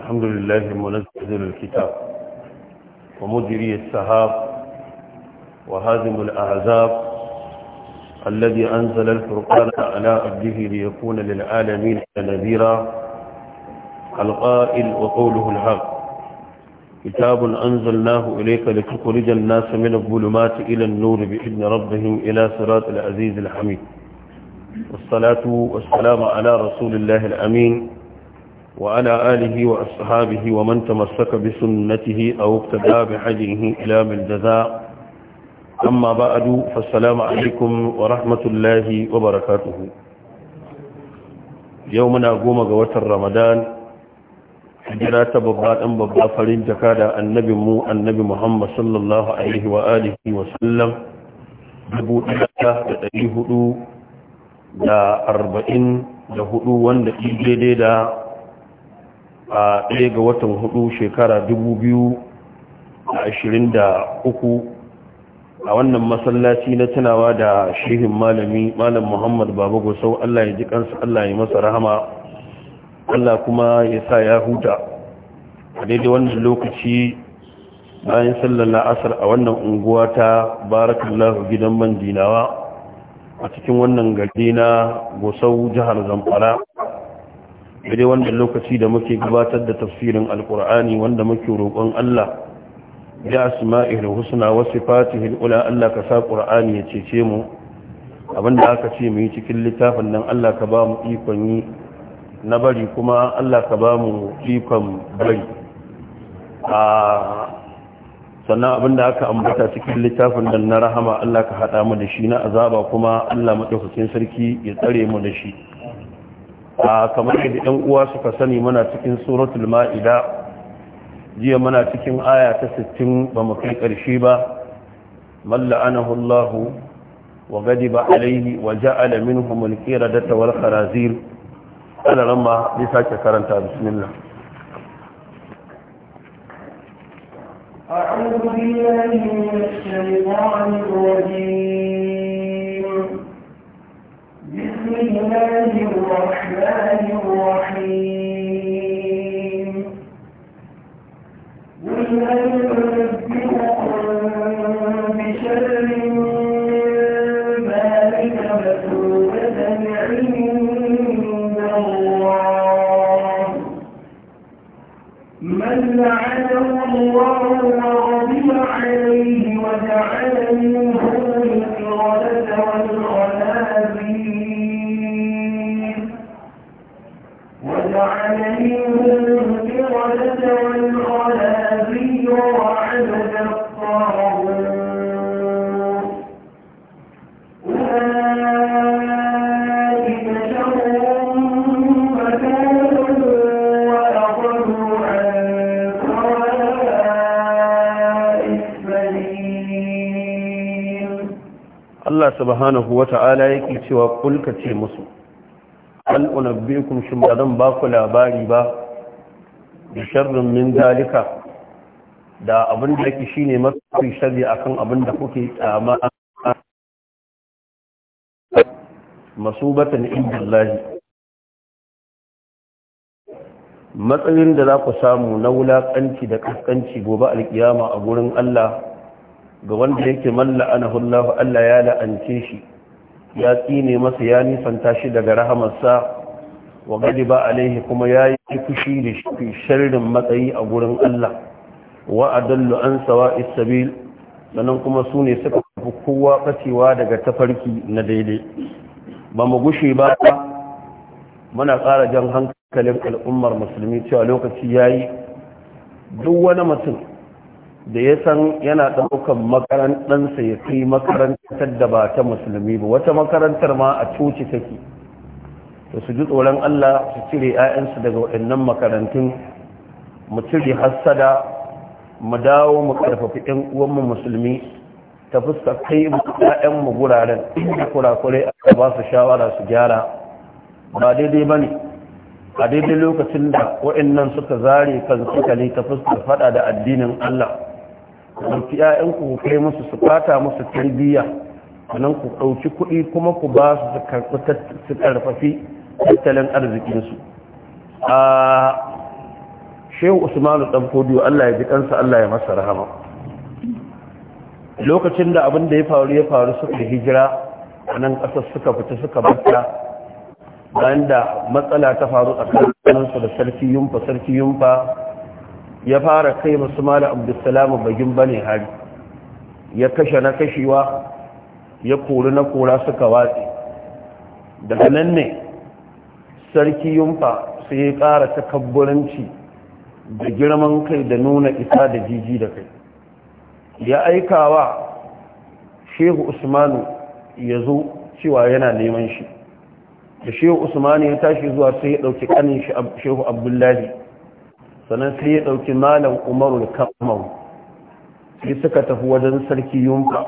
الحمد لله منزل الكتاب ومجري السحاب وهازم الأعذاب الذي أنزل الفرقان على عبده ليكون للعالمين نذيرا القائل وقوله الحق كتاب أنزلناه إليك لتخرج الناس من الظلمات إلى النور بإذن ربهم إلى صراط العزيز الحميد والصلاة والسلام على رسول الله الأمين وعلى آله وأصحابه ومن تمسك بسنته أو اقتدى بحجه إلى من جزاء أما بعد فالسلام عليكم ورحمة الله وبركاته يومنا قوم قوة رمضان hijira ta babba ɗan babba farin jaka da annabin mu annabi muhammad sallallahu alaihi wa alihi ɗaya da ɗari hudu da arba'in da hudu wanda da a ɗaya ga watan hudu shekara 2023 a wannan masallaci na tunawa da shehin malami malam muhammad babu gusau allah ya ji kansu allah ya masa rahama allah kuma ya sa ya huta a daidai wannan lokaci bayan sallar la'asar a wannan unguwa ta barakallahu gidan man dinawa a cikin wannan gari na gusau jihar zamfara dai wannan lokaci da muke gabatar da tafsirin alkur'ani wanda muke roƙon Allah ya asma'il husna wa sifatihi ula Allah ka sa qur'ani ya cece mu abinda aka ce mu yi cikin littafin nan Allah ka ba mu ikon yi na bari kuma Allah ka ba mu ikon bari a sannan abinda aka ambata cikin littafin nan na rahama Allah ka hada mu da shi na azaba kuma Allah madaukakin sarki ya tsare mu da shi a kamar yadda yan uwa suka sani muna cikin suratul ma'ida jiya muna cikin aya ta 60 ba mu kai ƙarshe ba malla'anahu Allah wa gadiba alaihi wa ja'ala minhum al-qiradata wal kharazir ala ramma bi sake karanta bismillah أعوذ بالله من الشيطان الرجيم الله الرحمن الرحيم قل بشر من ذلك الله من لعنه الله Allah subhanahu wa ta'ala yake cewa kulka ce musu an unabbikum shin ba zan ba ku labari ba da sharrin min dalika da abin da yake shine mafi sharri akan abin da kuke tsama masubatan indallahi matsayin da za ku samu na wulakanci da kaskanci gobe alkiyama a gurin Allah ga wanda yake malla anahu Allah Allah ya la'ance shi ya tsine masa ya nisanta shi daga rahamarsa wa gadiba alaihi kuma ya yi fushi da shi sharrin matsayi a gurin Allah wa adallu an sawa isabil sannan kuma su ne suka fi kowa bacewa daga tafarki na daidai ba mu gushe ba muna ƙara jan hankalin al'ummar musulmi cewa lokaci ya yi. duk wani mutum da ya san yana ɗaukan makarantarsa ya kai makarantar da ba ta musulmi ba wata makarantar ma a coci take da su ji tsoron Allah su cire 'ya'yansu daga waɗannan makarantun mu cire hassada mu dawo mu ƙarfafi 'yan uwanmu musulmi ta fuska kai mu guraren inda kurakurai a ba su shawara su gyara ba daidai ba ne a daidai lokacin da waɗannan suka zare kan suka ta fuskar faɗa da addinin Allah ɗauki 'ya'yanku ku kai musu su fata musu tarbiyya sannan ku ɗauki kuɗi kuma ku ba su su karfafi tattalin arzikinsu a shehu usmanu ɗan fodiyo allah ya ji ƙansa allah ya masa rahama lokacin da abin da ya faru ya faru suka hijira a nan ƙasar suka fita suka bata bayan da matsala ta faru tsakaninsu da sarki yumfa sarki yumfa ya fara kai masu mala abdulsalamu bagin bane hari ya kashe na kashewa ya kori na kora suka watsi daga nan ne sarki yunfa sai ya ƙara takabburanci da girman kai da nuna isa da jiji da kai ya aikawa shehu usmanu ya zo cewa yana neman shi da shehu usmanu ya tashi zuwa sai ya ɗauki ƙanin shehu abdullahi sannan sai ya ɗauki malam umaru kamau sai suka tafi wajen sarki yunfa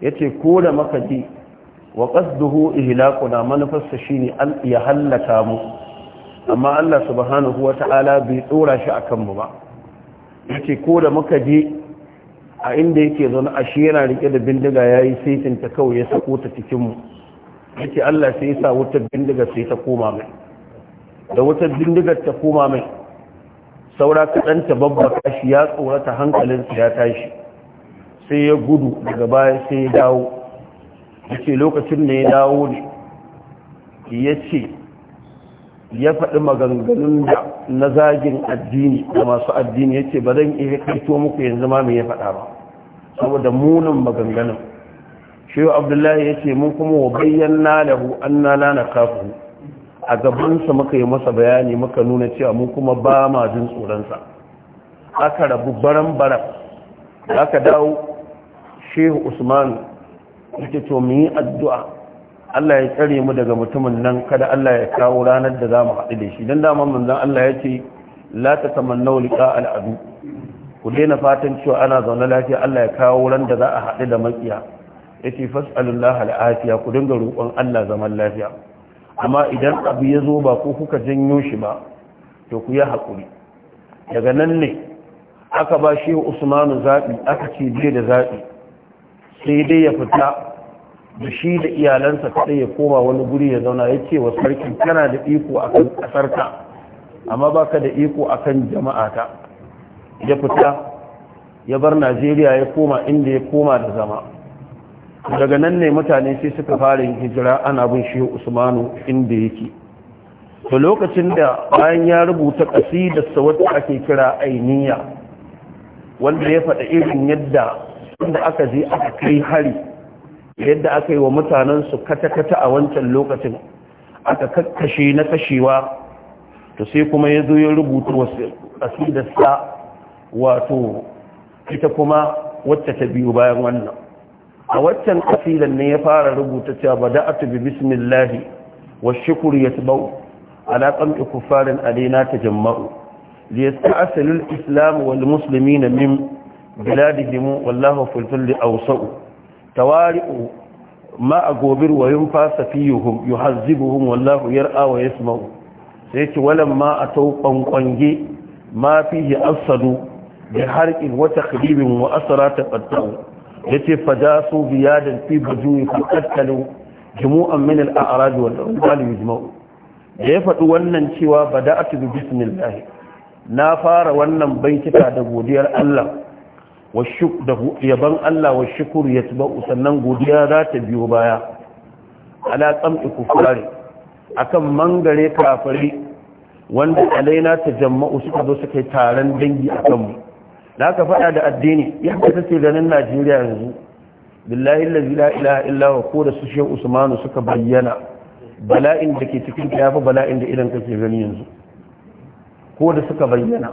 ya ce ko da ji wa ƙasduhu ihlaquna manufarsa shine an ya hallaka mu amma Allah subhanahu ta'ala bai dora shi akan mu ba yace ko da muka je a inda yake zaune a shi yana rike da bindiga yayi saitin ta kawai ya sako ta cikin mu yace Allah sai ya sa wutar bindiga sai ta koma mai da wutar bindigar ta koma mai saura kaɗan babba kashi ya tsorata hankalinsa ya tashi sai ya gudu daga baya sai ya dawo ya ce lokacin da ya dawo ne ya ce ya faɗi maganganun da na zagin addini da masu addini ya ce ba zan iya kaito muku yanzu ma mai ya faɗa ba saboda munin maganganun shi abdullahi ya ce mun kuma wa bayyana lahu an na lana kafin. a gabansa muka yi masa bayani muka nuna cewa mu kuma ba ma jin tsoronsa aka rabu baran-baran aka dawo shehu usman yake to mu yi addu'a Allah ya tsare mu daga mutumin nan kada Allah ya kawo ranar da za mu haɗu da shi don dama manzan Allah ya ce la ta tamannau liqa al'adu ku daina fatan cewa ana zaune lafiya Allah ya kawo ran da za a haɗu da makiya yace fas'alullahi al'afiya ku dinga roƙon Allah zaman lafiya amma idan abu ya zo ba ko kuka janyo shi ba to ku yi haƙuri daga nan ne aka ba shi usmanu zaɓi aka ce je da zaɓi sai dai ya fita da shi da iyalansa kaɗai ya koma wani guri ya zauna ya ce wa sarki kana da iko a kan ƙasarka amma ba da iko akan jama'a jama'ata ya fita ya bar najeriya ya koma inda ya koma da zama daga nan ne mutane sai suka fara yin hijira ana bin shi usmanu inda yake to lokacin da bayan ya rubuta kasidarsa wacce ake kira ainiya wanda ya faɗa irin yadda inda aka je aka kai hari yadda aka yi wa mutanensu kata-kata a wancan lokacin aka kakkashe na kashewa to sai kuma ya zo ya rubuta wasu kasidarsa wato ita kuma wacce ta biyu bayan wannan a waccan kasidan ne ya fara rubuta cewa bada'atu bi bismillahi wa shukr yatbau ala qam'i kuffarin alaina tajamma'u li yasta'silu al-islam musulmi na min biladihim wallahu fulfil li awsa'u tawari'u ma agobir wa yunfa safiyuhum yuhazzibuhum wallahu yar'a wa yasma'u sai ce a atau kwankwange ma fihi afsadu bi harqin wata takdibin wa ta taqatta'u yace fajasu biyadan fi bujuyi ku qattalu jumu'an min al-a'raj wal rijal yujma'u da ya faɗi wannan cewa bada'atu bi bismillah na fara wannan baitika da godiyar Allah wa shukru yaban Allah wa ya yatba'u sannan godiya za ta biyo baya ala ku kufari akan mangare kafari wanda alaina tajamma'u suka zo suka yi taron dangi a kanmu. da aka faɗa da addini ya ta ce ganin najeriya yanzu billahi la ilaha illa wa ko da su usmanu suka bayyana bala'in da ke cikin ya fi bala'in da idan kake gani yanzu ko da suka bayyana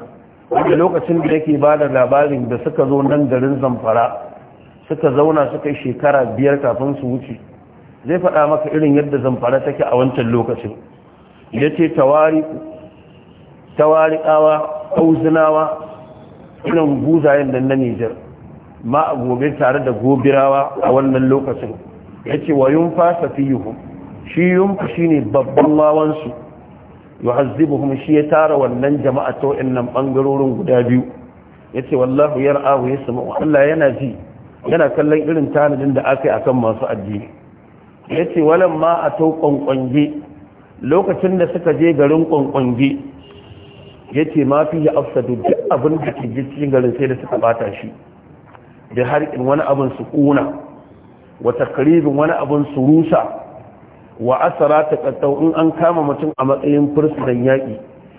wanda lokacin da yake ba da labarin da suka zo nan garin zamfara suka zauna suka yi shekara biyar kafin su wuce zai faɗa maka irin yadda zamfara take a wancan lokacin ya ce awa ɗauzinawa irin buzayen da na nijar ma a gobe tare da gobirawa a wannan lokacin ya ce wa yun fasa fi yi shi yun fi shi ne babban wawansu hazi kuma shi ya tara wannan jama'a ta nan ɓangarorin guda biyu ya ce wallahu yar ra'ahu ya samu Allah yana ji yana kallon irin tanadin da aka yi a kan masu addini ya ce walan ma a tau ƙwanƙwange lokacin da suka je garin ƙwanƙwange yace ce ma fi ya afsadu duk abin da ke cikin garin sai da suka bata shi da har in wani abin su kuna wa takribin wani abin su rusa wa asara ta kattau in an kama mutum a matsayin fursunan yaƙi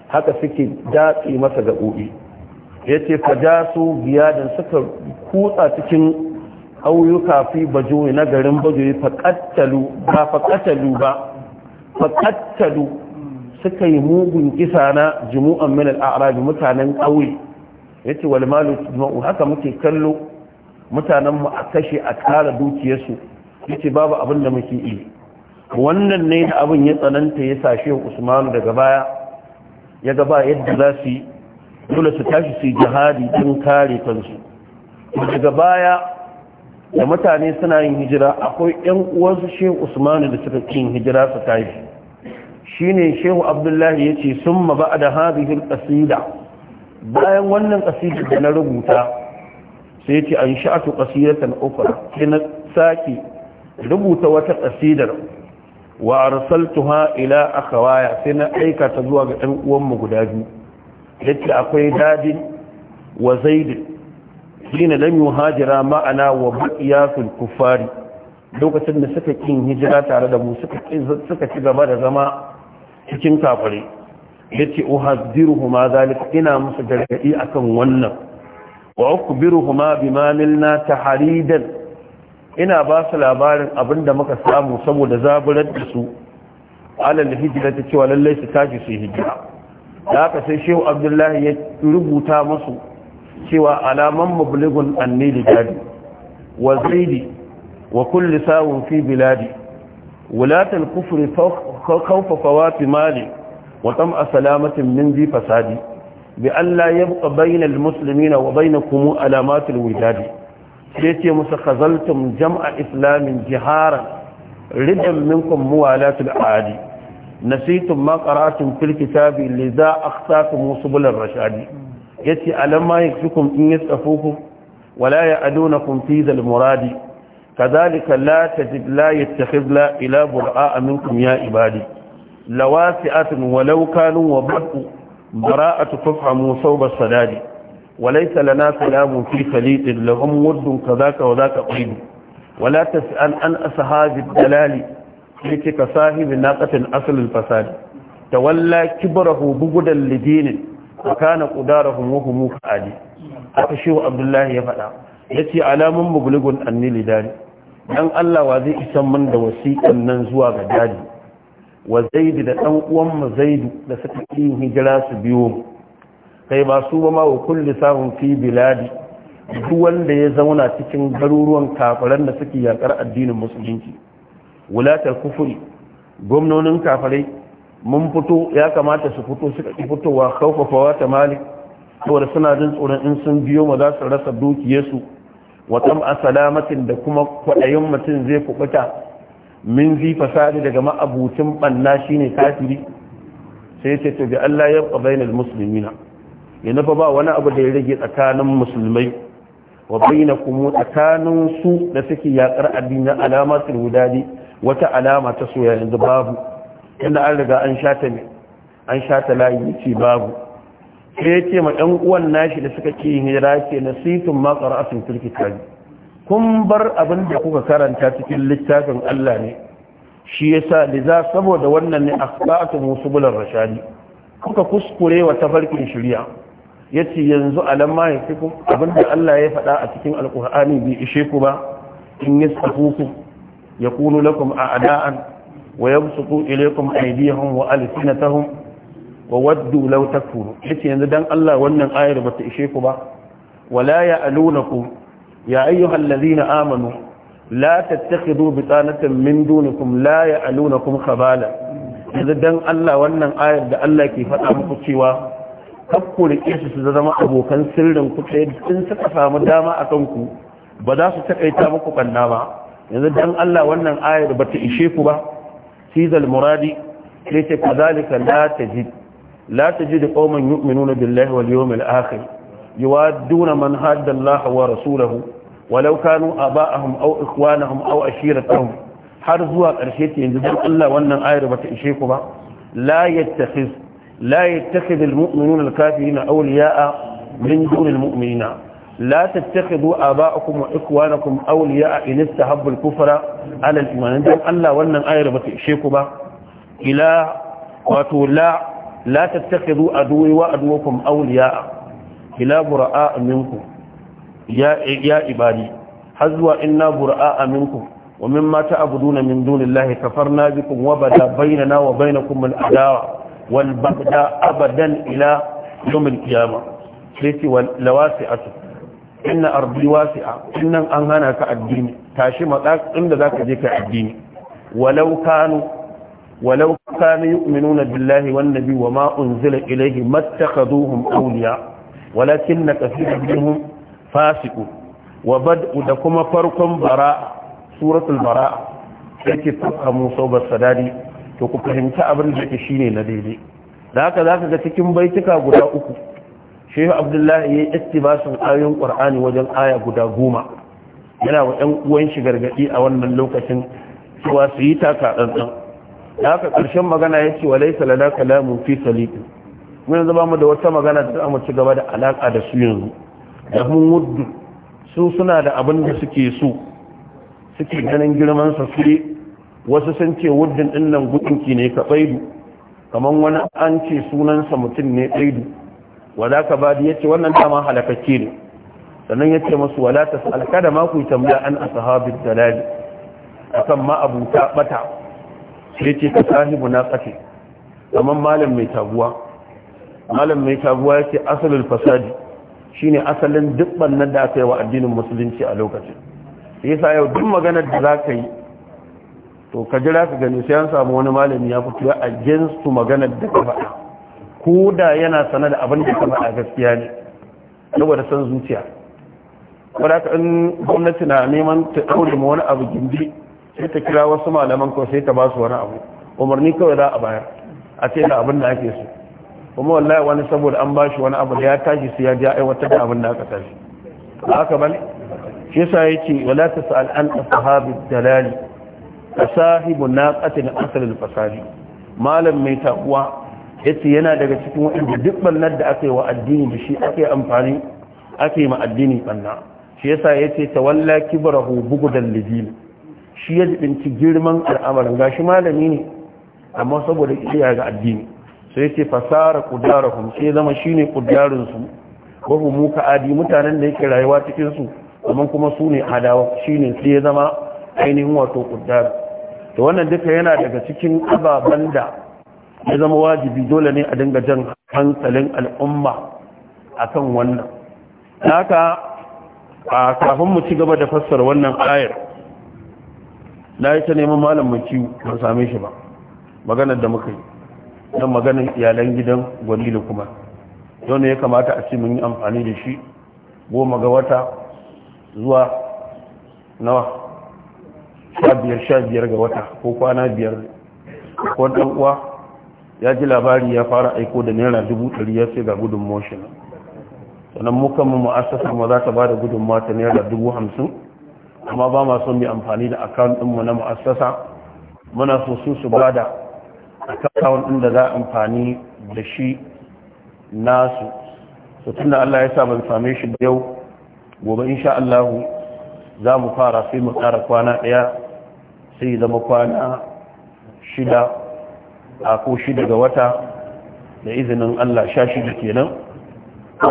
haka suke datse masa gaɓoɓi ya ce ka ja su biyadan suka kutsa cikin auyuka fi bajoyi na garin bajoyi kattalu ba kattalu ba kattalu suka yi mugun kisa na jumu'an min al-a'rab mutanen ƙauye yace wal malu tujma'u haka muke kallo mutanen mu a kashe a kara dukiyarsu yace babu abin da muke yi wannan ne da abin ya tsananta ya sashe Usman daga baya ya ga yadda za su dole su tashi su jihadi tun kare kansu daga baya da mutane suna yin hijira akwai 'yan uwansu shehu usmanu da suka kin hijira su tashi shine shehu abdullahi ya ce sun maba da hazihin ƙasida bayan wannan ƙasida da na rubuta sai ce an sha'atu ƙasidatan ukra sai na sake rubuta wata ƙasidar wa arsaltuha ila akhawaya sai na aikata zuwa ga ɗan uwanmu guda biyu Yadda akwai dadin wa shi ne lam hajira ma'ana wa baqiya fil lokacin da suka kin hijira tare da mu suka ci gaba da zama cikin kafare yace ma zalika ina musu gargadi kan wannan wa ma bima ta tahridan ina ba su labarin abinda muka samu saboda zaburar da su alal hijira ta cewa lallai su tashi su hijira da haka sai shehu abdullahi ya rubuta musu cewa alaman mublugun annili da wa zaidi wa kulli sawun fi biladi wulatul kufri khawfa fawati mali wa tam'a salamatin min zi fasadi bi alla yabqa bayna almuslimina wa bainakum alamat alwijad sai ce musu khazaltum jam'a islamin jiharan ridan minkum muwalatul aadi nasitum ma qara'tum fil kitabi lidha akhtatum subul rashadi yace alamma yakfikum in yasafukum wala ya'adunakum fi dhal muradi كذلك لا تجد لا يتخذ لا إلى برعاء منكم يا عبادي لواسعة ولو كانوا وبرء براءة فافهموا صوب الصداد وليس لنا سلام في خليط لهم ود كذاك وذاك قيد ولا تسأل عن أصحاب الدلال لك صاحب ناقة أصل الفساد تولى كبره بغدا لدين وكان قدارهم وهم كعادي أخشوا عبد الله يفعل ya ce alamun mubulugun annili dani dan Allah wa zai isan min da wasiƙan nan zuwa ga dadi wa zaidu da dan uwan mu zaidu da suka yin hijira su biyo kai ba su ba ma wa kulli sahun fi biladi duk wanda ya zauna cikin garuruwan kafiran da suke yakar addinin musulunci wulatar kufuri gwamnonin kafirai mun fito ya kamata su fito suka ki fitowa kaufafawa ta malik saboda suna jin tsoron in sun biyo ma za su rasa dukiyarsu watam a salamatin da kuma kwaɗayin mutum zai kubuta min zi fasadi daga ma'abucin ɓanna shi ne kafiri sai ce to bi Allah ya ɓa musulmi musulmina ya nufa ba wani abu da ya rage tsakanin musulmai wa baina kuma tsakanin su da suke yaƙar addini alama sun wudadi wata alama ta soya yanzu babu inda an riga an shata an shata layi ce babu sai ya ce ma ɗan uwan nashi da suka ke hijira ce nasitun ma qara'atun fil kun bar abin da kuka karanta cikin littafin Allah ne shi yasa liza saboda wannan ne musu bular rashadi kuka kuskure wa tafarkin Ya yace yanzu alamma yafikum abin da Allah ya faɗa a cikin alqur'ani bai ishe ku ba in yasafuku yakunu lakum a'da'an wa yabsutu ilaykum aydiyahum wa alsinatahum wa waddu law takfuru yace yanzu dan Allah wannan ayar ta ishe ku ba wala ya'lunakum ya ayyuhal ladhina amanu la tattakhidhu bitanatan min dunikum la ya'lunakum khabala yanzu dan Allah wannan ayar da Allah ke faɗa muku cewa kakkure su su zama abokan sirrin ku in suka samu dama a ku ba za su takaita muku kanna ba yanzu dan Allah wannan ayar bata ishe ku ba sizal muradi sai ce kazalika la tajid لا تجد قوما يؤمنون بالله واليوم الآخر يوادون من هاد الله ورسوله ولو كانوا آباءهم أو إخوانهم أو أشيرتهم حرزوا أرشيتي ينزل الله وأن آير بتأشيكما لا يتخذ لا يتخذ المؤمنون الكافرين أولياء من دون المؤمنين لا تتخذوا آباءكم وإخوانكم أولياء إن استهبوا الكفر على الإيمان ينزل الله وأن آير بتأشيكما إلى وتولى la tattakhidhu aduwi wa aduwakum awliya ila bura'a minkum ya ya ibadi hazwa inna bura'a minkum wa mimma ta'buduna min dunillahi kafarna bikum wa bada bainana wa bainakum al-adawa wal bagda abadan ila yawm al-qiyamah sai ce wal lawasi'atu inna ardi wasi'a innan an hana ka addini tashi matsa inda ka je ka addini walau ولو كانوا يؤمنون بالله والنبي وما أنزل إليه ما اتخذوهم أولياء ولكن كثير منهم فاسقون وبدء دكما فرقم براء سورة البراء yake fahimmu saubar sadari to ku fahimta abin da ke shine na daidai da haka za ka ga cikin baituka guda uku shehu abdullahi ya yi ittibasin ayoyin qur'ani wajen aya guda goma yana wa 'yan uwan shi gargadi a wannan lokacin cewa su yi taka ɗanɗan da haka ƙarshen magana ya ce walai salada kalamun fi saliku mun yanzu mu da wata magana da za mu ci gaba da alaƙa da su yanzu da mun muddu su suna da abin da suke so suke ganin girman sa su wasu sun ce wuddin din nan ki ne ka kamar wani an ce sunansa mutum ne tsaidu wala ka ba ya ce wannan dama halakacce ne sannan yace ce masu wala ta sa'alka ma ku tambaya an ashabi dalali akan ma abuta bata sai ce ka sahibu na tsake amma malam mai taguwa malam mai taguwa yake asalin fasadi shine asalin duk nan da aka yi wa addinin musulunci a lokacin yasa yau duk maganar da za ka yi to ka jira ka gani sai an samu wani malami ya fito a to maganar da ka faɗa ko da yana sanar da abin da ka faɗa gaskiya ne saboda san zuciya wadda gwamnati na neman ta ɗaure ma wani abu gindi sai ta kira wasu malaman ko sai ta ba su wani abu umarni kawai za a bayar a ce da abin da ake so kuma wallahi wani saboda an ba shi wani abu da ya tashi su ya ji aiwatar da abin da aka tashi a haka bane shi yasa yace wala tasal an ashabi dalali sahibu na katin asalin fasari malam mai takuwa yace yana daga cikin wanda duk bannar da aka yi wa addini da shi ake amfani ake ma addini banna shi yasa yace tawalla kibrahu bugudan lidin shi ya ci girman al'amarin gashi malami ne amma saboda iya ga addini sai ce fasara kuma sai zama shine kudarin su wa adi mutanen da yake rayuwa cikinsu, amma kuma su ne adawa shine sai ya zama ainihin wato kudar da wannan duka yana daga cikin ababen da ya zama wajibi dole ne a dinga jan hankalin al'umma akan wannan haka a kafin mu ci gaba da fassara wannan ayar na yi ta neman malam maki ban same shi ba maganar da muka yi don maganar iyalan gidan gwalilu kuma yau ne ya kamata a ce mun yi amfani da shi goma ga wata zuwa nawa sha biyar sha biyar ga wata ko kwana biyar ko dan uwa ya ji labari ya fara aiko da naira dubu ɗari ya ce ga gudun motion sannan muka mu mu'assasa ma za ta ba da gudun mata naira dubu hamsin amma ba ma son mai amfani da account ɗinmu na ma'asasa muna so su su ba da account ɗin da za amfani da shi nasu su da Allah ya sa ban same shi da yau gobe insha Allah za mu fara sai mu ƙara kwana ɗaya sai zama kwana shida a ko shida ga wata da izinin Allah sha shida kenan. ko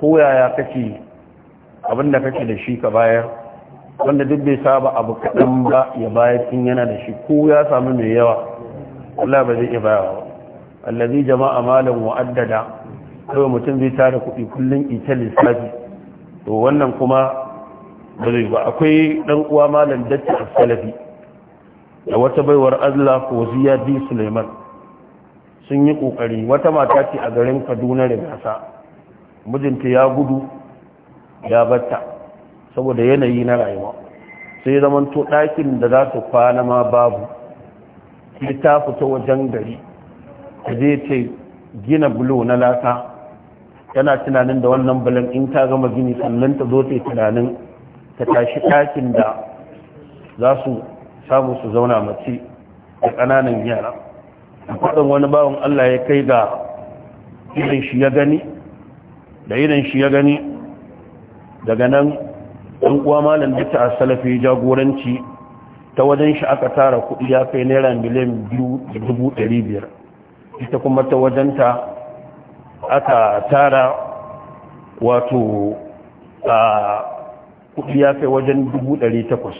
koyaya kake abin da kake da shi ka bayar wanda duk bai saba abu kaɗan ba ya bayar in yana da shi ko ya samu mai yawa Allah ba zai iya ba allazi jama'a malan mu'addada kawai mutum zai tara kuɗi kullum ita lissafi to wannan kuma ba zai ba akwai ɗan uwa malam datti a salafi da wata baiwar Allah ko ziya Suleiman sun yi ƙoƙari wata mata ce a garin Kaduna da gasa mijinta ya gudu ya batta saboda yanayi na rayuwa sai zaman to ɗakin da za su kwana ma babu sai ta fito wajen gari ta je ce gina bulo na lata yana tunanin da wannan bulan in ta gama gini sannan ta zo ta tunanin ta tashi ɗakin da za su samu su zauna mace da ƙananan yara faɗin wani bawan Allah ya kai ga irin shi ya gani da irin shi ya gani daga nan ɗan uwa malam dukta a salafi jagoranci ta wajen shi aka tara kuɗi ya kai naira miliyan biyu da dubu ɗari biyar ita kuma ta wajenta aka tara wato a kuɗi ya kai wajen dubu ɗari takwas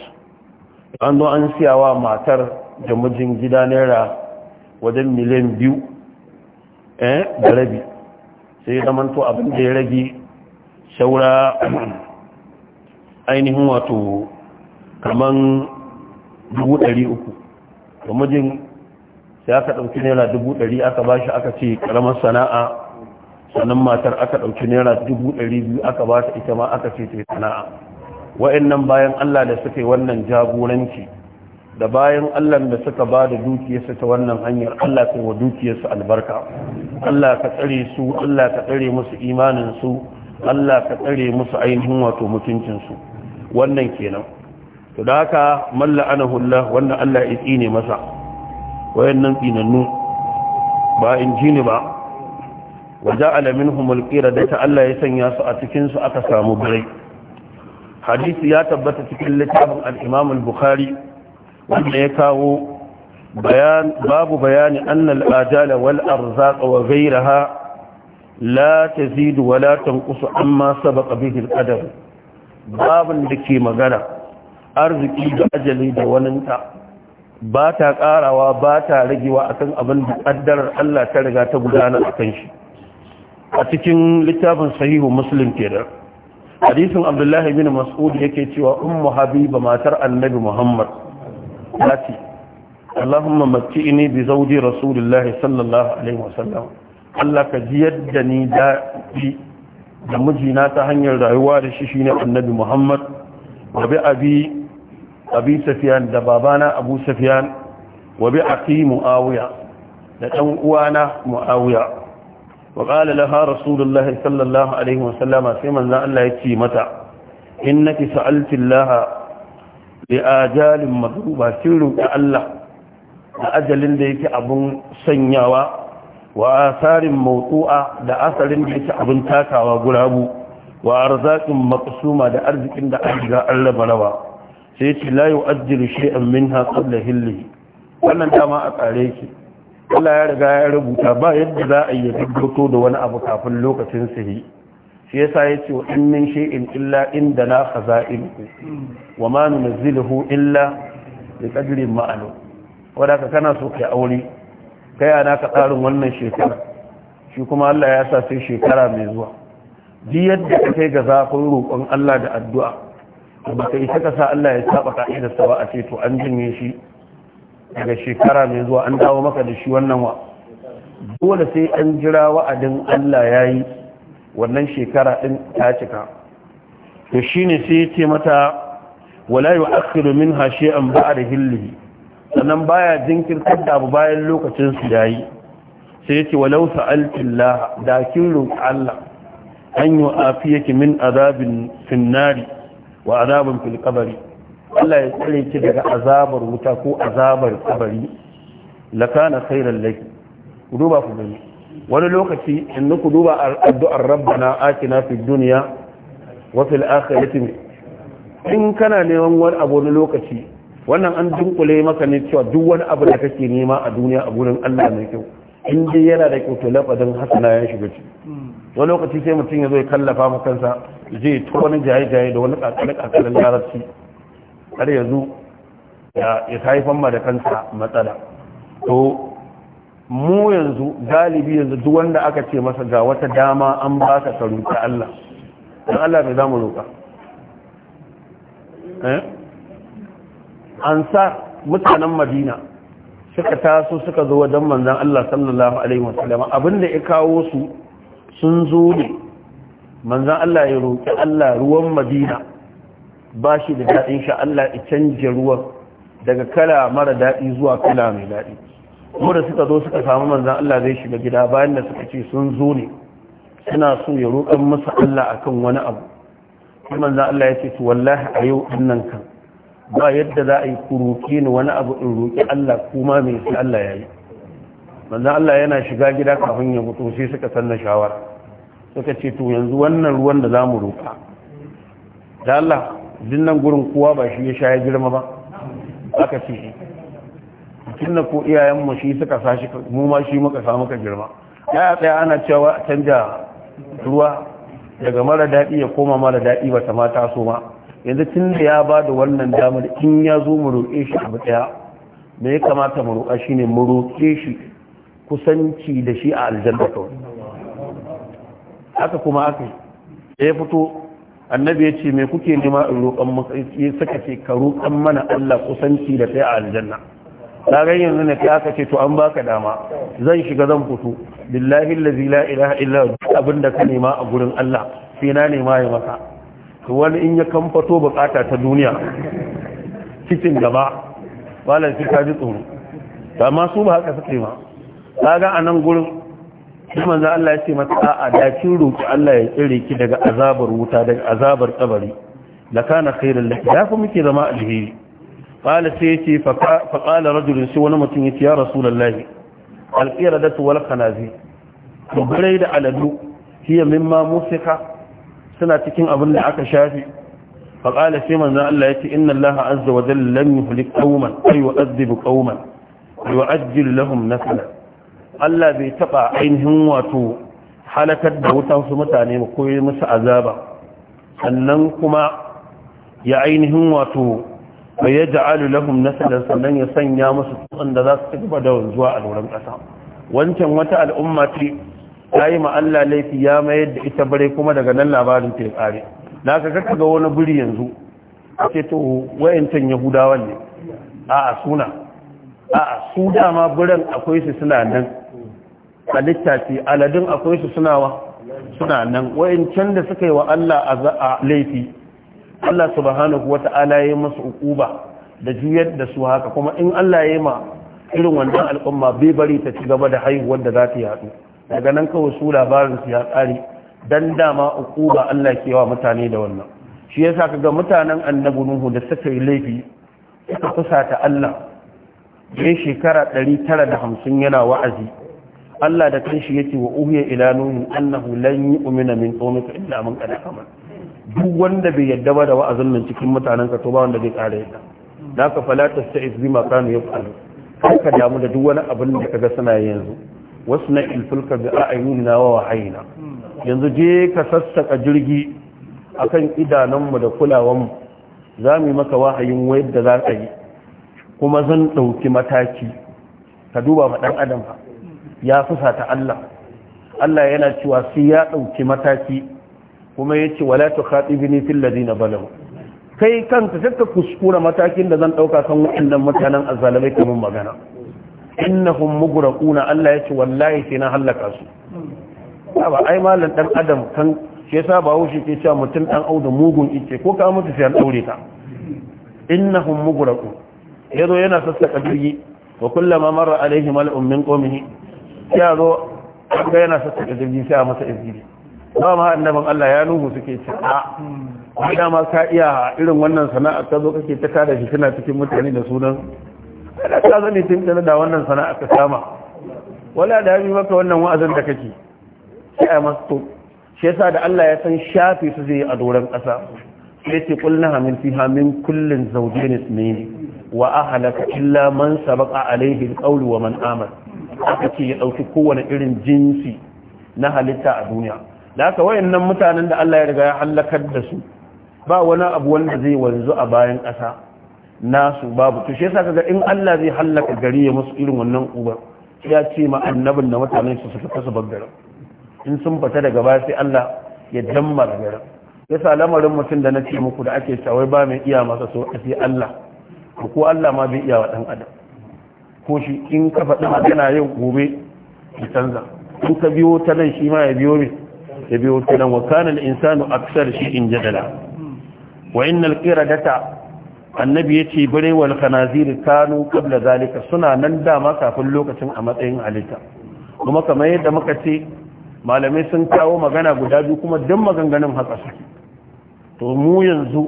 an zo an siya wa matar da mijin gida naira wajen miliyan biyu eh da rabi sai zamanto abin da ya rage saura ainihin wato kaman dubu ɗari uku da mijin sai aka ɗauki naira dubu ɗari aka ba aka ce ƙaramar sana'a sannan matar aka ɗauki naira dubu ɗari biyu aka ba ta ita ma aka ce ta sana'a wa'annan bayan allah da suka yi wannan jagoranci da bayan allah da suka ba da dukiyarsa ta wannan hanyar allah ka wa dukiyarsa albarka allah ka tsare su allah ka tsare musu imaninsu. Allah ka tsare musu ainihin wato mutuncinsu wannan kenan to da haka malla hula wannan Allah ya tsine masa wayannan tsinannu ba in ji ne ba Waje alamin humul da ta Allah ya sanya su a cikinsu aka samu birai hadisi ya tabbata cikin littafin al-imam al-bukhari wanda ya kawo babu bayani annal ajala wal arzaq wa ghayraha la zidu wa la kusa amma sabaqa bihi al-qadar babin da ke magana arziki da ajali da waninta ba ta ƙarawa ba ta ragewa akan abin da Allah ta riga ta gudana akan shi a cikin littafin sahihu muslim kenan hadisin abdullahi bin mas'ud yake cewa ummu habiba matar annabi muhammad ta ce allahumma matti'ni bi zawji rasulillahi sallallahu alaihi wasallam Allah ka ji yadda ni daɗi da mijina ta hanyar rayuwa da shi shine annabi Muhammad wabi abi safiyan da babana abu safiyan wabi aki muawiya da ɗan uwana muawiya wa qala laha rasulullahi sallallahu alaihi wa sallama sai manzan Allah ya ce mata innaki sa'alti Allah li ajalin madruba kin roki Allah da ajalin da yake abun sanyawa wa asarin da asalin da yake abin takawa gurabu wa arzakin maqsuma da arzikin da an riga an raba sai ce la yu'addilu shay'an minha qabla hilli wannan dama a tsare shi Allah ya riga ya rubuta ba yadda za a yi dubbato da wani abu kafin lokacin sahi shi yasa yace wa in min shay'in illa inda na khaza'in wa ma nunzilu illa bi qadri ma'lum wadaka kana so kai aure kaya na ka tsarin wannan shekara shi kuma Allah ya sa sai shekara mai zuwa ji yadda ka kai ga zafin roƙon Allah da addu'a amma ka isa ka sa Allah ya saba ka'idar sa ba a ce to an jinye shi daga shekara mai zuwa an dawo maka da shi wannan wa dole sai an jira wa'adin Allah ya yi wannan shekara ɗin ta cika to shine sai ya ce mata wala hashe minha shay'an ba'da hillihi sannan baya jinkirtar da abu bayan lokacin su yi. sai yace walau sa'altillah da kin roƙi Allah an yi ki min azabin finnari wa azabin fil qabri Allah ya tsare ki daga azabar wuta ko azabar kabari lakana khairan laki duba ku gani wani lokaci in ku duba addu'ar rabbana atina fid dunya wa fil akhirati in kana neman wani abu wani lokaci wannan an dunkule maka ne cewa duk wani abu da kake nema a duniya a gurin Allah mai kyau in dai yana da kyau to lafadin hasana ya shiga ciki wani lokaci sai mutum ya zo ya kallafa ma kansa je to wani jaye-jaye da wani kakalin larabci har yanzu ya haifan ma da kansa matsala to mu yanzu galibi yanzu duk wanda aka ce masa ga wata dama an ba ka ta Allah don Allah bai za mu roƙa eh? sa mutanen madina suka taso suka zo wajen manzan Allah sallallahu alaihi wasallam abinda ya kawo su sun zo ne manzan Allah ya roƙi Allah ruwan madina ba shi da daɗin sha Allah ya canja ruwan daga kala mara daɗi zuwa kala mai daɗi da suka zo suka samu manzan Allah zai shiga gida bayan da suka ce sun zo ne suna so ya roƙan masa Allah akan wani abu manzan Allah ya ce wallahi a yau ɗin nan kan ba yadda za a yi kuruki ni wani abu in roƙi Allah kuma me sai Allah ya yi manzan Allah yana shiga gida kafin ya mutu sai suka sanna shawara suka ce to yanzu wannan ruwan da za mu roƙa da Allah dinnan gurin kowa ba shi ya sha ya girma ba aka ce shi tunda ko iyayenmu shi suka sa shi mu ma shi muka samu ka girma ya tsaya ana cewa canja ruwa daga mara daɗi ya koma mara daɗi ba ta mata so ma yanzu tun da ya ba da wannan damar in ya zo mu roƙe shi abu ɗaya da ya kamata mu roƙa shi ne mu roƙe shi kusanci da shi a aljanna kawai haka kuma haka ya fito annabi ya ce me kuke nema in roƙan mu ya saka ce ka roƙan mana Allah kusanci da kai a aljanna na ga yanzu ne kai aka ce to an baka dama zan shiga zan fito billahi allazi la ilaha illa abinda ka nema a gurin Allah sai na nema ya maka to wani in ya kamfato bukata ta duniya cikin gaba malam sai ka ji tsoro amma su ba haka suke ma kaga a nan gurin shi manzo Allah ya ce mata a dakin roki Allah ya tsire ki daga azabar wuta daga azabar kabari la kana khairan laki da kuma muke zama alheri qala sai yace fa qala rajul shi wani mutum yace ya rasulullahi alqiradatu wal khanazi to bare da aladu hiya mimma musika suna cikin abin da aka shafi faƙala sai manzan Allah ya ce inna Allah azza wa jalla lam yuhlik qauman ay yu'adhibu qauman yu'ajjilu lahum nasala Allah bai taba ainihin wato halakar da wuta su mutane ba koyi musu azaba sannan kuma ya ainihin wato bai ya ja'alu lahum sannan ya sanya musu tsohon da za su tafi da wanzuwa a doron ƙasa wancan wata al'umma ce ta yi ma Allah laifi ya mayar da ita bare kuma daga nan labarin ta ya kare na ka kaka ga wani buri yanzu a ce to wayancan yahudawa ne a a suna a a su dama biran akwai su suna nan a littafi aladun akwai su suna wa suna nan wayancan da suka yi wa Allah a laifi Allah subhanahu wata'ala ya yi masu ukuba da juyar da su haka kuma in Allah ya yi ma irin wannan al'umma bai bari ta ci gaba da haihuwar da za ta yaɗu daga nan kawai su labarin su ya tsari don dama uku ba Allah ke wa mutane da wannan shi yasa ga mutanen annabi Nuhu da suka yi laifi suka ta Allah sai shekara 950 yana wa'azi Allah da shi ya ce wa uhiya ila nuhu annahu lan umina min qawmika illa man kada kama duk wanda bai yadda ba da wa'azin nan cikin mutanen ka to ba wanda bai kare yadda da ka fala tasta'iz bima kanu yaf'alu kai ka damu da duk wani abin da ka ga suna yanzu wasu na ilfulka bi a'ayunina wa wahayina yanzu je ka sassaka jirgi akan idanunmu da kulawanmu za mu yi maka wahayin wayar da za ka yi kuma zan ɗauki mataki ka duba ma ɗan adam ya fusa ta Allah Allah yana cewa sai ya ɗauki mataki kuma ya ce wala ta kaɗi bini fil ladina balam kai kanka ka kuskura matakin da zan ɗauka kan waɗannan mutanen azzalamai kamar magana innahum mugraquna Allah yace wallahi sai na halaka su ba ai mallan dan adam kan shi yasa ba wuce ke cewa mutum dan auda mugun ice ko ka mutu sai an daure ka innahum mugraqu yazo yana sassaka jirgi wa kullama marra alaihi mal'un min qawmihi yazo ga yana sassaka jirgi sai a masa izini ba ma annaban Allah ya nuhu suke ce a ma ka iya irin wannan sana'a ka zo kake ta kada kana cikin mutane da sunan kada ka zane tun da wannan sana'a ka sama wala da yi maka wannan wa'azin da kake sai a masu shi yasa da Allah ya san shafi su zai a doron ƙasa sai ce kullu hamin fi hamin kullin zaujin ismaili wa ahlaka illa man sabaqa alaihi alqawlu wa man amana aka ce ya dauki kowane irin jinsi na halitta a duniya da haka wayannan mutanen da Allah ya riga ya halakar da su ba wani abu wanda zai wanzu a bayan ƙasa nasu babu to shi yasa kaga in Allah zai halaka gari ya musu irin wannan uba ya ce ma annabin da mutanen su suka kasa baggaran in sun fita daga baya sai Allah ya damma garin yasa lamarin mutum da nake muku da ake cewa ba mai iya masa so sai Allah ko Allah ma bai iya wa dan adam ko shi in ka faɗi magana yau gobe ki canza in ka biyo ta nan shi ma ya biyo ne ya biyo ta nan wa kana al-insanu aksar shi in jadala wa innal qiradata annabi ya ce bare wal khanazir kanu kabla zalika suna nan dama kafin lokacin a matsayin halitta kuma kamar yadda muka ce malamai sun kawo magana guda biyu kuma duk maganganun haka su to mu yanzu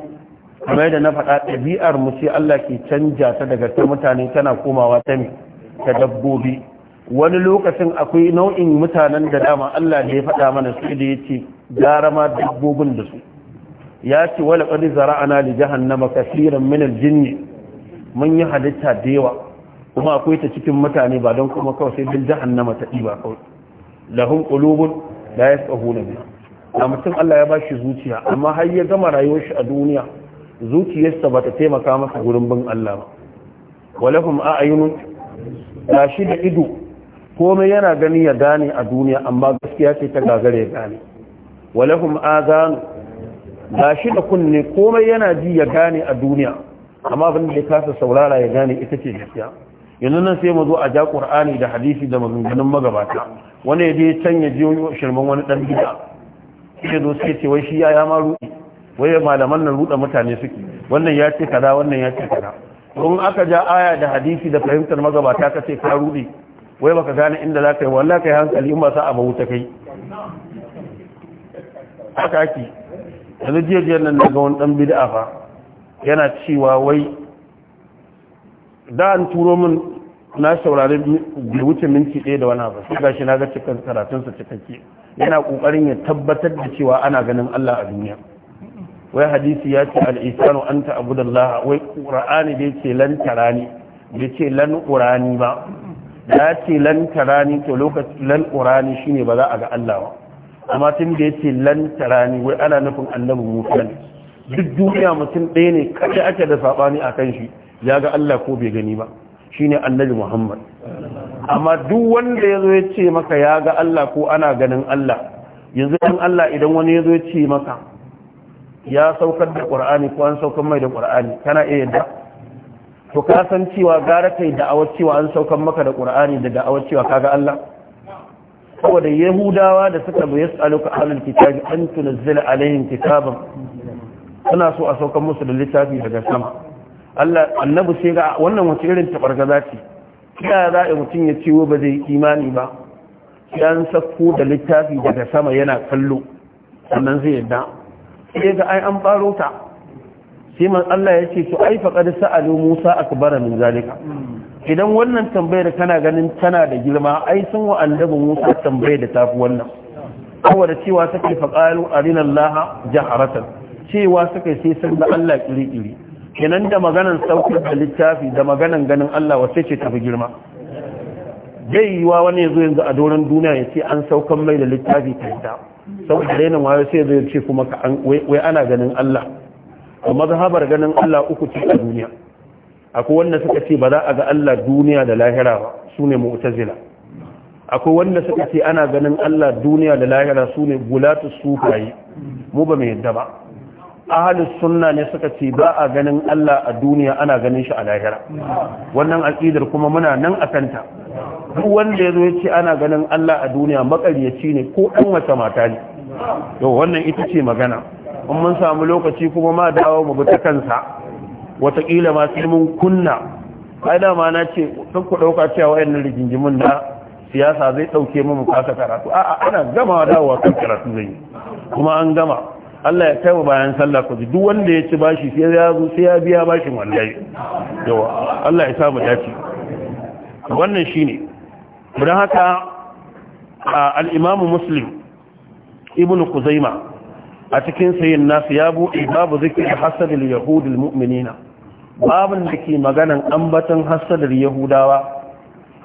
kamar yadda na faɗa ɗabi'ar mu ce Allah ke canja ta daga ta mutane tana komawa ta ta dabbobi wani lokacin akwai nau'in mutanen da dama Allah da ya faɗa mana su da ya ce gara ma dabbobin da su ya ce wala qad zara'ana li jahannama kaseeran min al-jinn mun yi halitta da yawa kuma akwai ta cikin mutane ba don kuma kawai sai bil jahannama ta diba kawai lahum qulubun la yafqahuna biha a mutum Allah ya bashi zuciya amma har ya gama rayuwar shi a duniya zuciyarsa ba ta taimaka masa gurin bin Allah ba walahum a'yunun la shi da ido komai yana gani ya gane a duniya amma gaskiya ce ta gagare ya gane walahum azan ga shi da kunne komai yana ji ya gane a duniya amma abin da ya kasa saurara ya gane ita ce gaskiya yanzu nan sai mu zo a ja qur'ani da hadisi da maganganun magabata wani ya je can ya je shirman wani dan bid'a sai zo sai ce wai shi ya ya maru wai malaman nan ruda mutane suke wannan ya ce kaza wannan ya ce kaza kun aka ja aya da hadisi da fahimtar magabata ka ce ka rudi wai baka gane inda za ka yi wallahi kai hankali in ba sa abu ta kai haka ake yanzu jiya nan daga wani ɗan bida fa yana cewa wai da an turo min na saurari bai wuce minti ɗaya da wani abu sai gashi na ga cikin karatunsa cikakke yana ƙoƙarin ya tabbatar da cewa ana ganin Allah a duniya wai hadisi ya ce al'isanu an ta'abudallaha wai ƙura'ani bai ce lan tarani bai ce lan ba ya ce lan tarani to lokacin lan shi shine ba za a ga Allah ba amma tun da ya ce lantara ne wai ana nufin annabi musa duk duniya mutum ɗaya ne kaɗa ake da saɓani a kan shi ya ga allah ko bai gani ba Shi ne annabi muhammad amma duk wanda ya zo ya ce maka ya ga allah ko ana ganin allah yanzu ɗan allah idan wani ya zo ya ce maka ya saukar da ƙur'ani ko an saukar mai da ƙur'ani kana iya yadda to ka san cewa gara kai da'awar cewa an saukar maka da ƙur'ani da da'awar cewa kaga Allah saboda yahudawa da suka bi yas'aluka halin kitabi an tunzila alaihim kitabin. suna so a saukan musu da littafi daga sama Allah annabi sai ga wannan wace irin tabargaza ce kiya za a mutum ya ciwo ba zai imani ba yan sako da littafi daga sama yana kallo sannan zai yadda sai ga ai an faro ta sai man Allah ya ce to ai faqad sa'alu Musa akbara min zalika idan wannan tambayar kana ganin tana da girma ai sun wa annabi Musa tambayar da tafi wannan saboda cewa suka faqalu arina Allah jaharatan cewa suka sai sun da Allah kiri-kiri kenan da maganan sauki da littafi da maganan ganin Allah wace ce tafi girma zai yi wani yazo yanzu a doron duniya ya ce an saukan mai da littafi kanta saboda nan wayo sai zai ce kuma ka wai ana ganin Allah a zahabar ganin Allah uku ce a duniya akwai wanda suka ce ba za a ga Allah duniya da lahira ba su ne mu'tazila akwai wanda suka ce ana ganin Allah duniya da lahira su ne gulatu sufayi mu ba mu yadda ba ahli sunna ne suka ce ba a ganin Allah a duniya ana ganin shi a lahira wannan aqidar kuma muna nan a kanta duk wanda yazo ya ce ana ganin Allah a duniya makaryaci ne ko dan wata mata ne to wannan ita ce magana in mun samu lokaci kuma ma dawo mu bi ta kansa watakila ma sai mun kunna da ma na ce kan ku ɗauka cewa wayannan rigingimin na siyasa zai ɗauke mu kasa karatu a'a ana gama dawowa kan karatu zai kuma an gama Allah ya kai bayan sallah ku duk wanda ya ci bashi sai ya zo sai ya biya bashin wallahi yawa Allah ya sa mu dace wannan shine don haka al-Imam Muslim Ibn Kuzaima a cikin sayin nasu ya buɗe babu zikirin hasadil Yahudin mu'minina babin da ke maganan ambaton hasadar yahudawa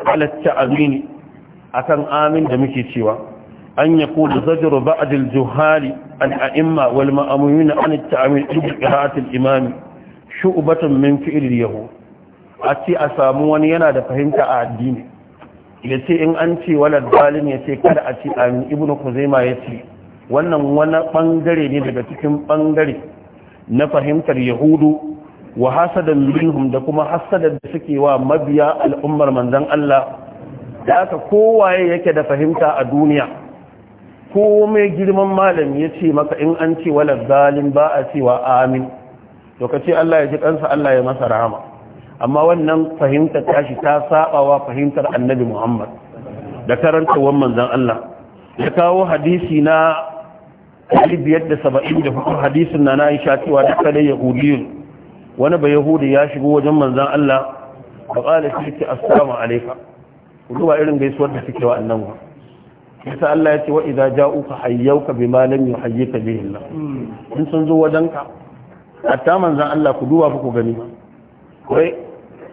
halatta azmini akan amin da muke cewa an ya kudu zajiru ba'adil juhari al'a'imma wal ma'amuni na an duk da imami shu'ubatan min fi'il yahu a ce a samu wani yana da fahimta a addini ya ce in an ce walad dalin ya ce kada a ce amin ibn kuzaima ya ce wannan wani bangare ne daga cikin bangare na fahimtar yahudu wa hasadan minhum da kuma hasadan da suke wa mabiya al'ummar manzon Allah da aka kowaye yake da fahimta a duniya ko mai girman malam ya ce maka in an ce wala zalim ba a cewa amin to ka ce Allah ya ji kansa Allah ya masa rahama amma wannan fahimta tashi ta wa fahimtar annabi Muhammad da karantawan manzon Allah ya kawo hadisi na 574 hadisin na na Aisha cewa dukkan yahudiyun wani ba yahudi ya shigo wajen manzan Allah ba ƙala shi ke assalamu alaika ba irin gaisuwar da suke wa annan wa Allah ya ce wa idza ja'uka hayyuka bima lam yuhayyika bihi Allah in sun zo wajen ka hatta manzan Allah ku duba ku gani kai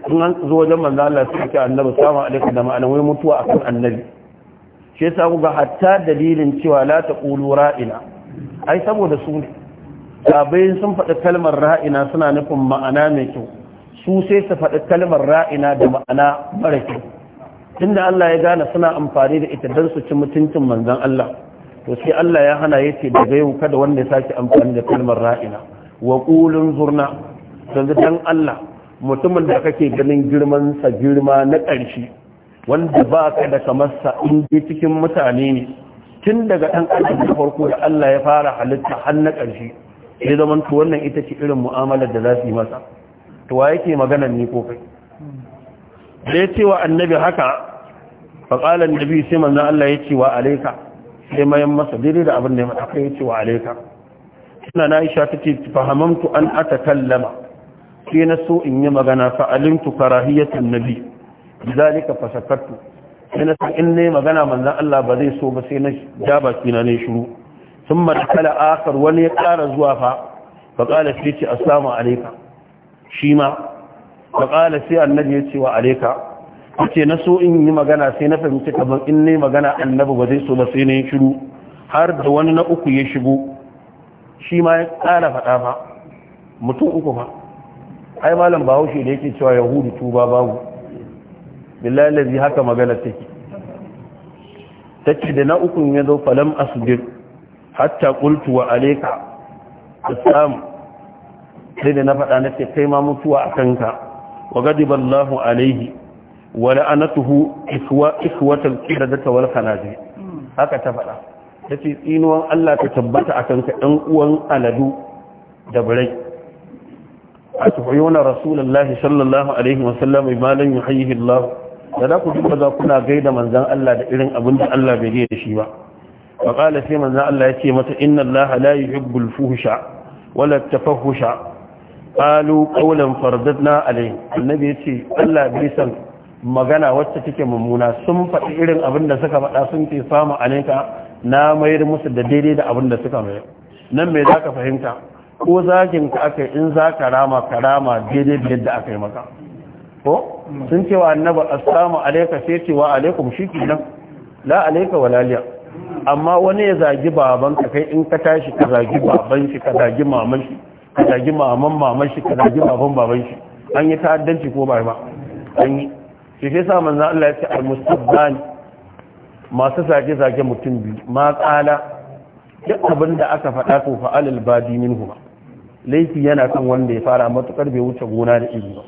in an zo wajen manzan Allah suke annabi assalamu alaika da ma'ana wai mutuwa akan annabi shi yasa ku ga hatta dalilin cewa la taqulu ra'ina ai saboda su ne sabai sun faɗi kalmar ra'ina suna nufin ma'ana mai kyau su sai su faɗi kalmar ra'ina da ma'ana mara kyau tunda Allah ya gane suna amfani da ita don su ci mutuncin manzon Allah to sai Allah ya hana yace daga yau kada wanda ya sake amfani da kalmar ra'ina wa qulun zurna yanzu dan Allah mutumin da kake ganin girman sa girma na ƙarshe wanda ba ka da kamar sa in cikin mutane ne tun daga dan adam na farko da Allah ya fara halitta har na ƙarshe sai zama to wannan ita ce irin mu'amalar da za su yi masa to wa yake magana ni ko kai da ya ce wa annabi haka faƙalar nabi sai manzan Allah ya ce wa alaika sai mayan masa dire da abin da ya mata ya ce wa alaika suna na isha ta ce fahamamtu an ata kallama sai na so in yi magana fa'alimtu karahiyatun nabi bizalika fasakattu sai na so in ne magana manzan Allah ba zai so ba sai na jaba baki na ne shiru sun matakala akar wani ya kara zuwa fa ba ƙala sai ce assalamu alaika shi ma ba ƙala sai annabi ya ce wa alaika ya ce na so in yi magana sai na fahimci kamar in ne magana annabi ba zai so ba sai na yi shiru har da wani na uku ya shigo shi ma ya kara faɗa fa mutum uku fa ai malam ba bahaushe da yake cewa yahudu tuba babu billahi lazi haka magana take ta ce da na ukun ya zo falam asbir hatta qultu wa alayka assalam sai da na faɗa na ce kai ma mutuwa a kanka wa gadiba Allahu alayhi wa la'anatuhu iswa iswatal qiradata wal khanazir haka ta faɗa tace tsinuwan Allah ta tabbata a kanka ɗan uwan aladu da birai atuyuna rasulullahi sallallahu alaihi wa sallam ma lan yuhyihi Allah da za ku duba za kuna gaida manzan Allah da irin abin da Allah bai yi da shi ba wa qala sai manzo Allah ya ce mata inna Allah la yuhibbul fuhsha wala tafahusha qalu qawlan fardadna alayhi annabi ya ce Allah bai san magana wacce take mummuna sun faɗi irin abin da suka faɗa sun ce samu alayka na mayar musu da daidai da abin da suka mayar nan mai za ka fahimta ko zakin ka aka in za ka rama ka rama daidai da yadda aka yi maka ko sun cewa annaba assalamu alayka sai cewa alaikum shikenan la alayka wa liya amma wani ya zagi baban ka kai in ka tashi ka zagi baban shi ka zagi maman shi ka zagi maman maman shi ka zagi baban baban shi an yi ta'addanci ko ba ba an yi shi sai sa manzo Allah ya ce al-mustaddan masu zage zage mutum biyu ma qala duk abin da aka faɗa ko fa alal badi minhu laifi yana kan wanda ya fara matukar bai wuce gona da iri ba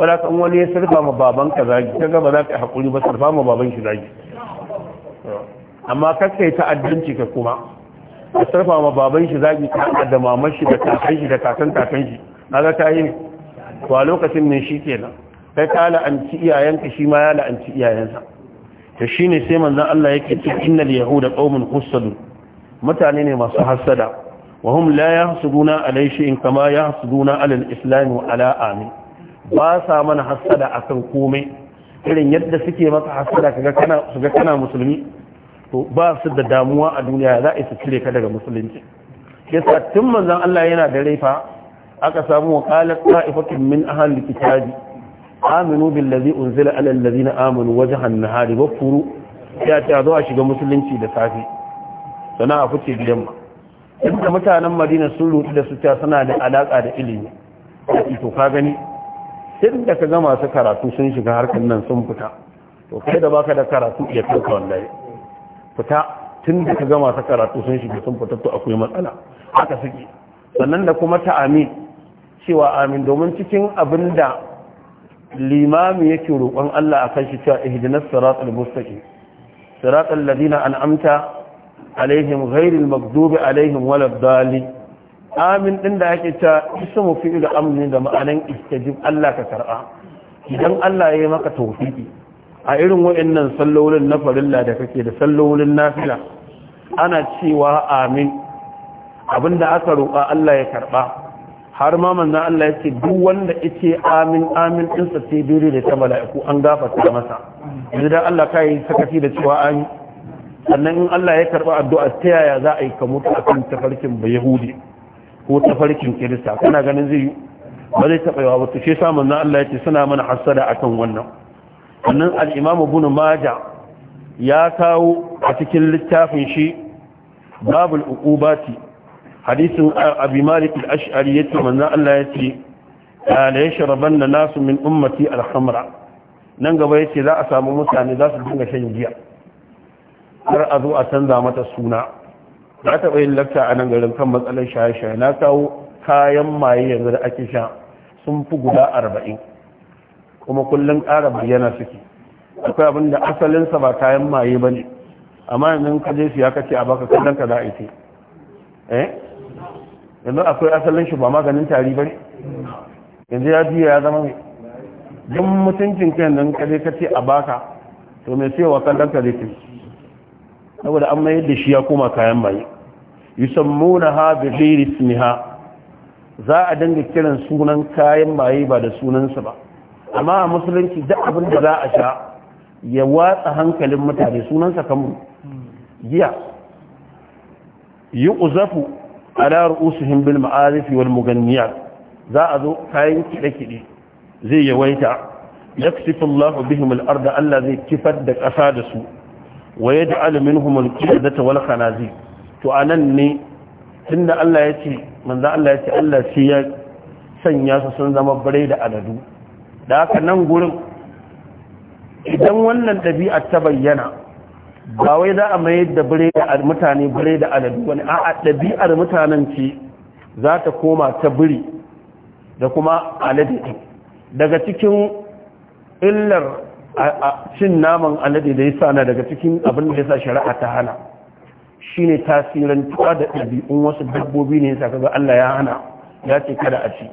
wala kan wani ya sarfa ma baban ka zagi kaga ba za ka hakuri ba sarfa ma baban shi zagi amma kakkai ta'addanci ka kuma a sarfa ma baban shi zagi ta da maman shi da kakan shi da kakan kakan shi kaga ta yi ne to lokacin ne shi nan. kai ta la'anci iyayenka shi ma ya la'anci iyayensa shi ne sai manzan Allah yake ce innal yahuda qaumun husadu mutane ne masu hassada. wa hum la yahsuduna alai kama yahsuduna ala al-islam wa ala amin ba sa mana hassada akan komai irin yadda suke maka hassada kaga kana kaga kana musulmi to ba su da damuwa a duniya za a su cire ka daga musulunci yasa tun manzon Allah yana da laifa aka samu wa waqalat ta'ifatun min ahli caji. aminu billazi unzila ala allazina amanu wajhan nahari furu ya ta zuwa shiga musulunci da safi sana a fice gidan ba. inda mutanen madina sun rutu da su ta suna da alaka da ilimi to ka gani sai da ka ga masu karatu sun shiga harkan nan sun fita to kai da baka da karatu ya kanka wallahi fita tun da ka gama ta karatu sun shiga sun fitattu akwai matsala haka suke sannan da kuma ta amin cewa amin domin cikin abin da limami yake roƙon Allah a kan shi cewa ihdinas siratal mustaqim siratal ladina an'amta alaihim ghairil maghdubi alaihim waladdali amin din da yake cewa ismu fi'il amrin da ma'anan istajib Allah ka karba idan Allah ya yi maka tawfiki a irin wa'annan sallolin na farilla da kake da sallolin nafila ana cewa amin abinda aka roƙa Allah ya karɓa har ma manzon Allah ya duk wanda yake amin amin din sa sai dire da ta mala'iku an gafarta masa yanzu dan Allah yi sakaci da cewa amin? sannan in Allah ya karɓa addu'a ta yaya za a yi ka mutu akan tafarkin bayahudi ko tafarkin kirista kana ganin zai yi ba zai taɓa yawa ba to shi sa na Allah ya suna mana hasada akan wannan wannan al'imamu bin maja ya kawo a cikin littafin shi babul uqubati hadisin Abimali malik al-ash'ari ce, manzo Allah yace shirabar da nasu min ummati alhamra nan gaba ya ce za a samu mutane za su dinga shan giya har a zo a canza mata suna za ta bayin lakta a nan garin kan matsalar shaye-shaye na kawo kayan maye yanzu da ake sha sun fi guda arba'in kuma kullum ƙara bayyana suke akwai abin da asalinsa ba kayan maye ba ne amma yanzu ka je siya ka ce a baka kallon ka za a ce eh yanzu akwai asalin shi ba maganin tari ba ne yanzu ya biya ya zama mai don mutuncin ka yanzu ka je ka ce a baka to mai sai wa kallon ka zai kai saboda an mayar da shi ya koma kayan maye ha bi ghairi ismiha za a dinga kiran sunan kayan maye ba da sa ba amma a musulunci duk abin da za a sha ya watsa hankalin mutane sunansa kamun giya yi uzafu a dawar usuhin bil ma'arifi wal muganniya za a zo kayan kiɗe-kiɗe zai yawaita ya kusifin bihim al'arda Allah zai kifar da ƙasa da su Waye da ji humul kiɗa ta wal to a nan ne tunda Allah ya ce manzan Allah ya ce Allah sai ya sanya su sun zama bare da aladu da haka nan gurin idan wannan ɗabi'a ta bayyana ba wai za a mayar da bire da mutane bire da aladu wani a'a ɗabi'ar mutanen ce za ta koma ta biri da kuma alade daga cikin illar cin naman alade da ya sana daga cikin abin da ya sa shari'a ta hana shi ne tasirin tuwa da ɗabi'un wasu dabbobi ne ya sa kaga Allah ya hana ya ce kada a ci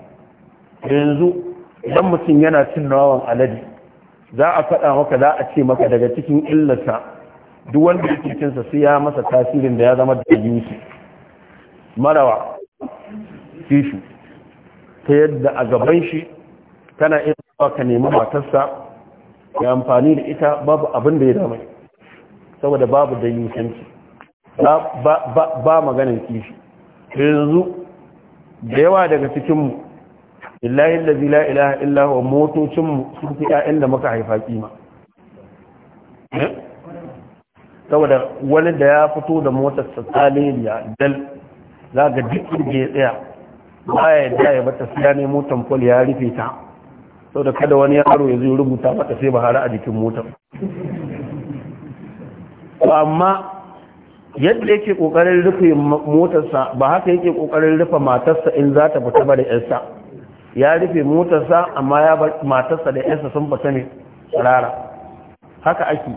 yanzu idan mutum yana cin nawan alade za a faɗa maka za a ce maka daga cikin illata duk wanda yake sai ya masa tasirin da ya zama da yusu marawa kishi ta yadda a gaban shi tana iya ka nemi matarsa ya amfani da ita babu abin da ya dama saboda babu da yusanci ba maganin kishi yanzu da yawa daga cikinmu illahi allazi la ilaha illa wa motocin sun fi ƴaƴan da muka haifa kima eh? saboda wani da ya fito da motar sa tsaliliya dal za ga duk inda ya tsaya ba ya yadda ya bata siya ne motar fol ya rufe ta saboda kada wani yaro ya zo rubuta mata sai ba hara a jikin motar amma yadda yake kokarin rufe motarsa ba haka yake kokarin rufe matarsa in za ta fita da yarsa ya rufe motarsa amma ya bar matarsa da yansa sun fita ne rara haka ake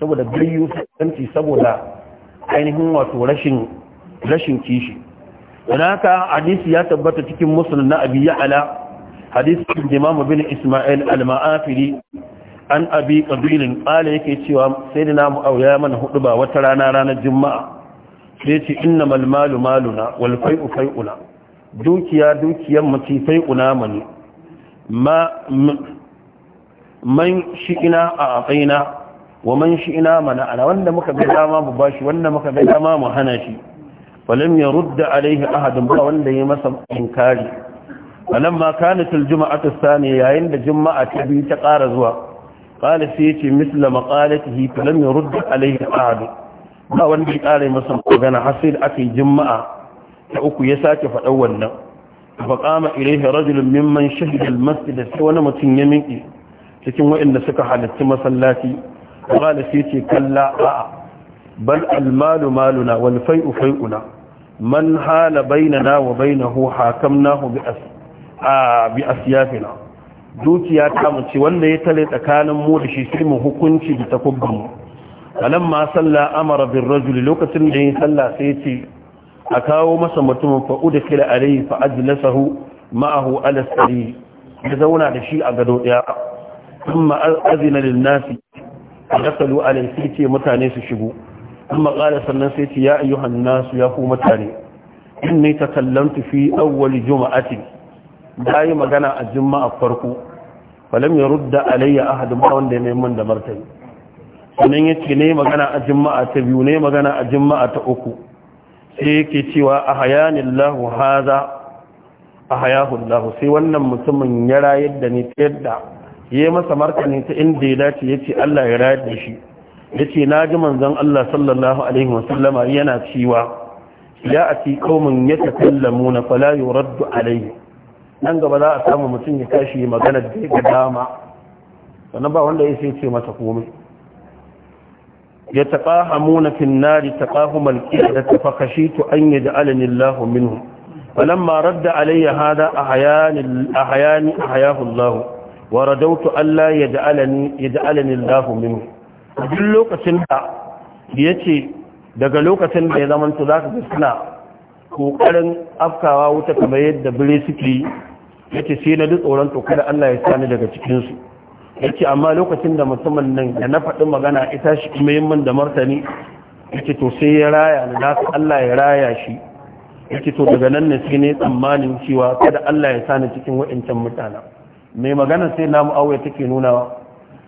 saboda biyu sanci saboda ainihin wato rashin kishi don haka hadisi ya tabbata cikin musulun na abi ya'ala hadisi imam bin isma'il al an abi qabilin qala yake cewa sai da namu auya mana hudu ba wata rana ranar juma'a sai ce innamal malu maluna wal fai'u fai'una dukiya dukiyan macifai kunama ne ma man shi'ina a afaina wa man shi'ina mana ana wanda muka ga dama mu bashi wanda muka ga dama mu hana shi walam yarudda alaihi ahadun ba wanda ya masa inkari falamma kanat aljum'atu thaniya yayin da juma'a ta biyu ta ƙara zuwa qala sai yace misla maqalatihi falam yurd alaihi ahad ba wanda ya ƙara masa magana hasil akai juma'a ta uku ya sake faɗa wannan fa qama ilayhi rajulun mimman shahida al-masjid sai wani mutum ya miki. cikin waɗanda suka halarci masallaci qala sai ce kalla a'a bal almalu malu maluna wal fai'u fai'una man hala bainana wa bainahu hakamnahu bi as a bi asyafina dukiya ta mu ce wanda ya tale tsakanin mu da shi sai mu hukunci da takubban mu alamma salla amara bir rajuli lokacin da ya salla sai ce a kawo masa mutumin da kila a rai fa'ajilasahu ma'ahu alasari ya zauna da shi a gado ɗaya sun ma'azina linnasi a dasalu alai ce mutane su shigo An ƙara sannan sai ce ya ayyuhan nasu ya ku mutane in ne ta kallantu fi awwali juma'ati da yi magana a juma'a farko falam ya rudda alayya ahadin ba wanda ya mai da martani sannan ya ce ne magana a juma'a ta biyu ne magana a juma'a ta uku sai yake cewa a hayanillahu haza a hayahullahu sai wannan mutumin ya rayar da ni ta yadda ya yi masa martani ta inda ya dace ya ce Allah ya rayar da shi ya ce na ji manzon Allah sallallahu alaihi wasallama yana cewa ya a ci kaumin ya takallamu na fala raddu alaihi nan gaba za a samu mutum ya tashi maganar da ya ga dama sannan ba wanda ya sai ce mata komai يتقاهمون في النار تقاهم الكيدة فخشيت أن يجعلني الله منهم فلما رد علي هذا أحيان أحياني أحياه الله وردوت ألا يجعلني, يجعلني الله منهم duk lokacin da ya ce daga lokacin da ya zamanta za ka suna Ƙoƙarin afkawa wuta kamar yadda bire suke ya ce sai na duk tsoron to kada Allah ya sani daga cikinsu ya ce amma lokacin da mutumin nan ya na faɗi magana ita shi muhimmin da martani ya ce to sai ya raya na nasu Allah ya raya shi ya ce to daga nan ne sai ne tsammanin cewa kada Allah ya sani cikin wa'incan mutane mai magana sai namu ya take nuna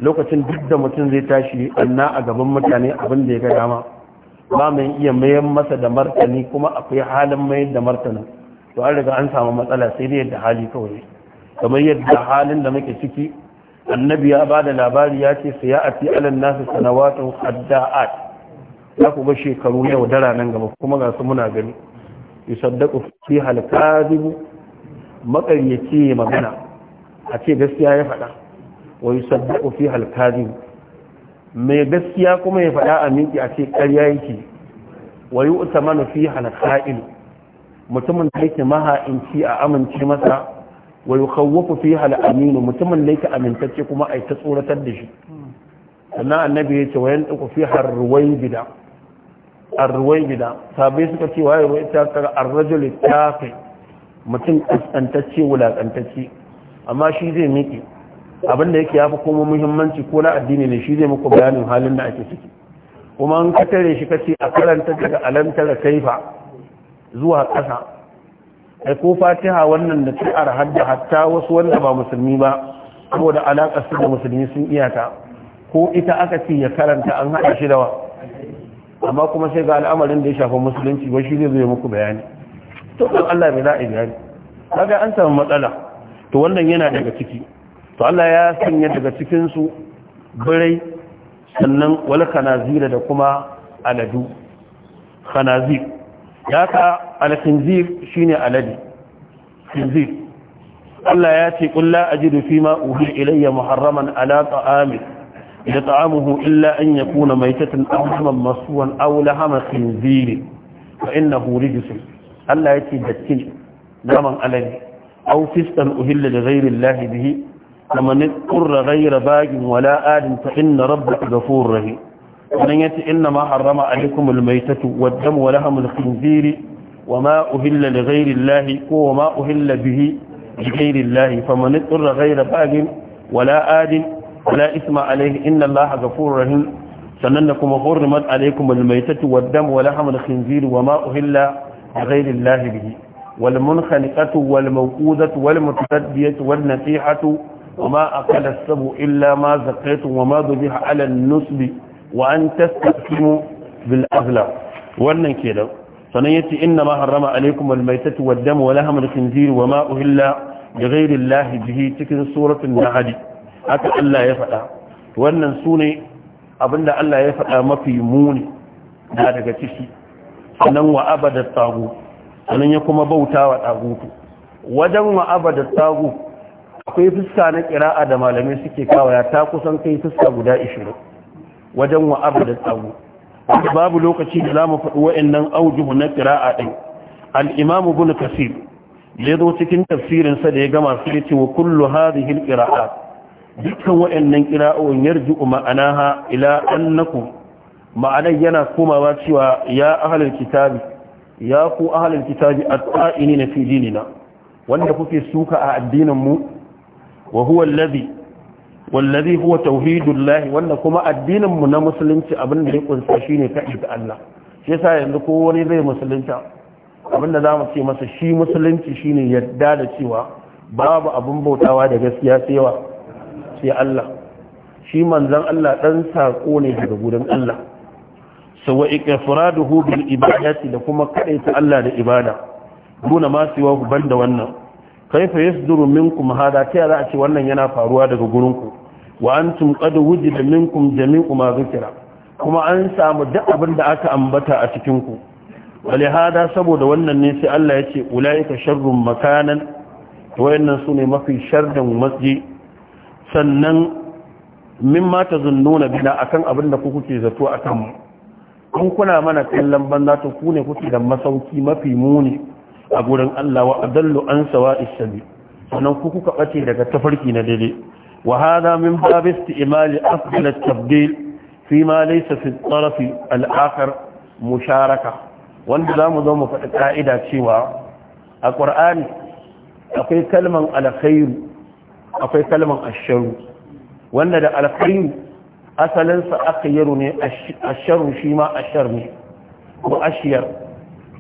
lokacin duk da mutum zai tashi anna a gaban mutane abin da ya ga dama ba mai iya mayan masa da martani kuma akwai halin mayar da martanin to an riga an samu matsala sai da yadda hali kawai kamar yadda halin da muke ciki annabi ya ba da labari ya ce sai ya ati alan nasu sanawatun hadda'at za ku ga shekaru yau dara nan gaba kuma ga su muna gani saddaku fi halkazibu makaryaci ya magana a ce gaskiya ya faɗa wa saddaku fi halkazibu mai gaskiya kuma ya faɗa a miki a ce ƙarya yake wa yi utamanu fi halka'ilu mutumin da yake maha'inci a amince masa wa yukhawwafu fiha al-amin mutumin da yake amintacce kuma ai ta tsoratar da shi sannan annabi ya ce wa yanqu fiha ar-ruwaybida ar-ruwaybida sabai suka ce wa ruwaybida ta ar-rajul tafi mutum kaskantacce wulakantacce amma shi zai abin da yake yafi kuma muhimmanci ko na addini ne shi zai muku bayanin halin da ake ciki kuma an katare shi kace a karanta daga alamtar kaifa zuwa ƙasa ai ko fatiha wannan da sai arhadda hatta wasu wanda ba musulmi ba saboda alaƙar su da musulmi sun iyata ko ita aka ce ya karanta an haɗa shi dawa amma kuma sai ga al'amarin da ya shafi musulunci ba shi zai zo muku bayani to dan Allah bai za'a bayani kaga an samu matsala to wannan yana daga ciki to Allah ya sanya daga cikin su birai sannan wal kanazira da kuma aladu kanazir ya ka alkinzir shine alade kinzir Allah ya ce kulla ajidu fi ma uhi ilayya muharraman ala ta'ami da ta'amuhu illa an yakuna maitatan aw haman masuwan aw lahama khinzir ina innahu rijs Allah ya ce datti naman alade au fiskan uhilla da ghayri Allah bihi lamani qurra ghayra bagin wala adin fa inna rabbaka ghafurur rahim wannan yace inna ma harrama alaikumul maytatu wad damu wa lahamul khinziri wa ma uhilla li ghayri llahi ko wa ma uhilla bihi li ghayri llahi faman ittara ghayra bagin wala adin wala isma alayhi inna allaha ghafurur rahim sannan da kuma hurrimat alaikumul maytatu wad damu wa lahamul khinziri wa ma uhilla li ghayri llahi bihi والمنخنقة والموقوذة والمتردية والنصيحة وما أكل السبع إلا ما زقيتم وما ذبح على النسب wa an tastaqsimu bil azlam wannan kenan sanan yace inna ma harrama alaykum al maytatu wad damu wa lahmu al khinzir wa ma uhilla li ghayri allah bihi cikin suratul nahl haka Allah ya faɗa wannan sune abinda Allah ya faɗa mafi muni na daga ciki sannan wa abada tagu sanan ya kuma bauta wa tagutu wajen wa abada tagu akwai fuska na kira'a da malamai suke kawaya ta kusan kai fuska guda 20 wajen wa abu da tsawo babu lokaci da za mu faɗi wa'annan aujihu na ƙira'a ɗin al'imamu bin kasir ya zo cikin tafsirinsa da ya gama su ya ce wa kullu hadhihi al dukkan wa'annan ƙira'o'in yarji'u ma'anaha ila annakum ma'anar yana komawa cewa ya ahlul kitabi ya ku ahlul kitabi at-ta'inina fi dinina wanda kuke suka a addinin mu wa huwa wallazi huwa tauhidullahi wanda kuma addinin mu na musulunci abin da ya kunsa shine kaɗi da Allah shi yasa yanzu ko wani zai musulunta abin da zamu ce masa shi musulunci shine yadda da cewa babu abin bautawa da gaskiya sai sai Allah shi manzon Allah dan sako ne daga gurin Allah sawa ikfaraduhu bil ibadati da kuma kaɗaita Allah da ibada duna ma siwa ban da wannan kaifa yasduru minkum hada ta za a ce wannan yana faruwa daga gurinku wa antum qad wujida minkum jami'u ma zikira kuma an samu duk abin da aka ambata a cikin ku wale hada saboda wannan ne sai Allah ya ce ulaika sharrun makanan wayannan sune mafi sharrin masji sannan mimma tazunnuna bina akan abin da ku kuke zato akan mu kun kuna mana kallon banza to ku ne kuke da masauki mafi muni a gurin Allah wa adallu an sawa isabi sannan kuka bace daga tafarki na daidai wa hada min bab isti'mal afdal at-tabdil fi ma laysa fi at-taraf al-akhar musharaka wanda zamu zo mu faɗi ka'ida cewa a Qur'ani akwai kalman alkhair akwai kalman ashar wanda da alkhair asalinsa aka ne ashar shi ma ashar ne ko ashiyar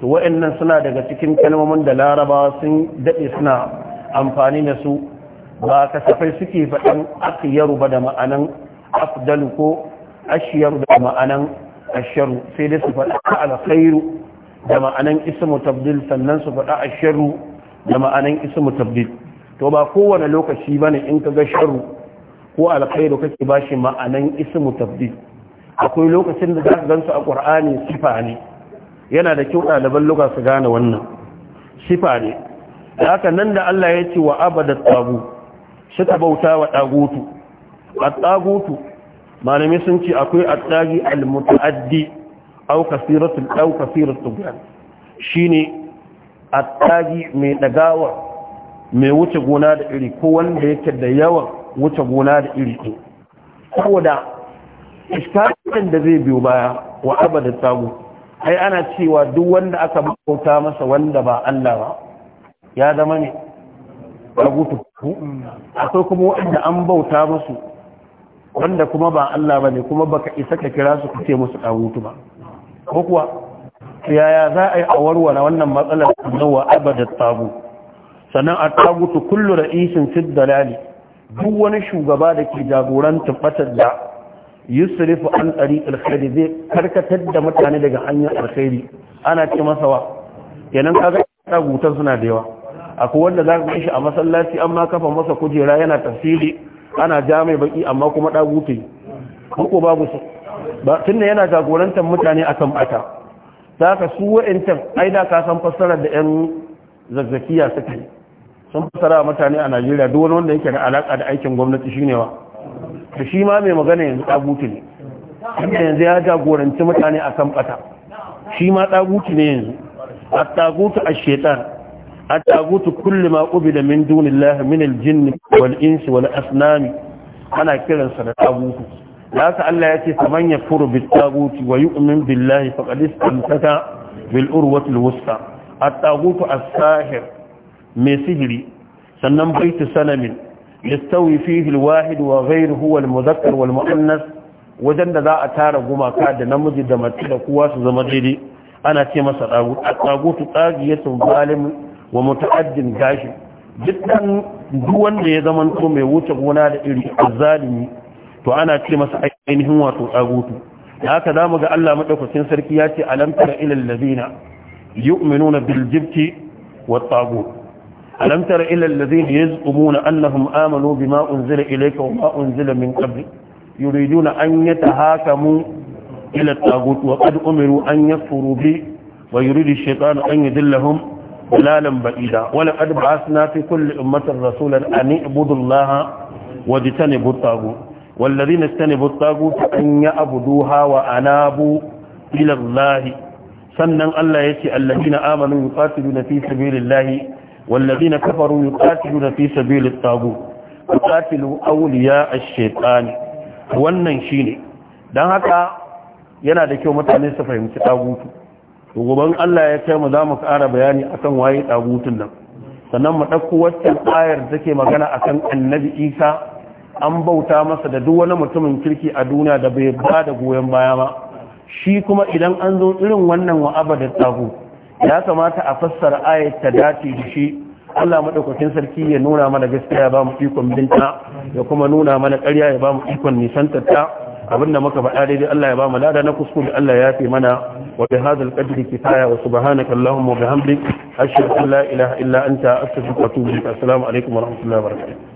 to wa'annan suna daga cikin kalmomin da larabawa sun daɗe suna amfani da su ba kasafai suke faɗin akiyaru ba da ma'anan afdalu ko ashiyaru da ma'anan asharu sai dai su faɗa alkhairu da ma'anan ismu tabdil sannan su faɗa asharu da ma'anan ismu tabdil to ba kowane lokaci bane in ka ga sharu ko alkhairu kake bashi ma'anan ismu tabdil akwai lokacin da za ka gansu a qur'ani sifa ne yana da kyau ɗaliban luka su gane wannan sifa ne da haka nan da Allah ya ce wa abada tsagu suka bauta wa ɗagutu a tsagutu malami sun ce akwai a tsagi al-muta'addi au kasiratul au kasiratul a tsagi mai ɗagawa mai wuce gona da iri ko wanda yake da yawan wuce gona da iri ko saboda iskakin da zai biyo baya wa abada tsagutu ai ana cewa duk wanda aka bauta masa wanda ba Allah ba ya zama ne rubutu akwai kuma wanda an bauta musu wanda kuma ba Allah ba ne kuma baka isa ka kira su kace musu ɗagutu ba ko kuwa yaya za a yi a warware wannan matsalar zuwa abada tagu sannan a tagutu kullu ra'isin fid dalali duk wani shugaba da ke jagorantar fatar da yusrifu an tariqil khair zai karkatar da mutane daga hanyar alkhairi ana ce masa wa kenan kaga tagutan suna da yawa akwai wanda za ka shi a masallaci amma kafa masa kujera yana tafsiri ana ja baki amma kuma dagute ko babu su ba tunda yana jagorantar mutane akan bata saka su wa'ancan aida ka san fassara da yan zazzakiya suka yi sun fassara mutane a Najeriya duk wanda yake da alaka da aikin gwamnati shine wa da shi ma mai magana yanzu ɗaguti ne inda yanzu ya jagoranci mutane a kan ɓata shi ma ɗaguti ne yanzu a ɗagutu a shetan a ɗagutu kulle ma ƙubi da min dunin lahi min wani wal insi wal asnami ana kiransa da ɗagutu da haka Allah ya ce kaman ya furu bi ɗaguti wa yu'min billahi faqad istamsaka bil wusta A tagutu a sahir mai sihiri sannan baitu sanamin yastawi fihi alwahid wa ghayruhu walmudhakkar walmuannas wajen da za a tara gumaka da namiji da mace da kowa su zama daidai ana ce masa ya tsagiyatun zalim wa muta'addin gashi dukkan duk wanda ya zama to mai wuce gona da iri azzalimi to ana ce masa ainihin wato tsagutu da haka zamu ga Allah madaukakin sarki ya ce alam tara ilal ladina yu'minuna bil jibti wat tagut alam tara ila alladhina yaz'umuna annahum amanu bima unzila ilayka wa ma unzila min qabl yuriduna an yatahakamu ila at-taghut wa qad umiru an yakfuru bi wa yuridu ash-shaytanu an yudillahum dalalan ba'ida wa laqad ba'athna fi kulli ummatin rasulan an i'budu allaha wa jtanibu at-taghut والذين استنبوا الطاغوت أن يعبدوها وأنابوا إلى الله sannan Allah ya ce allazina amanu yuqatiluna fi sabilillahi والذين كفروا يقاتلون في سبيل الطاغوت يقاتلوا اولياء الشيطان wannan shine dan haka yana da kyau mutane su fahimci dagutu to goban Allah ya kai mu za mu ƙara bayani akan waye dagutun nan sannan mu dauko wannan ayar da ke magana akan Annabi Isa an bauta masa da duk wani mutumin kirki a duniya da bai ba da goyon baya ba shi kuma idan an zo irin wannan wa'abadin da ya kamata a fassara ayat ta dace da shi Allah madaukakin sarki ya nuna mana gaskiya ya ba mu ikon binta ya kuma nuna mana ƙarya ya ba mu ikon nisantar ta abinda muka faɗa daidai Allah ya ba mu lada na kuskure Allah ya fi mana wa bi hadzal qadri kifaya wa subhanaka allahumma wa bihamdik ashhadu an la ilaha illa anta astaghfiruka wa atubu ilaik assalamu alaikum wa rahmatullahi wa barakatuh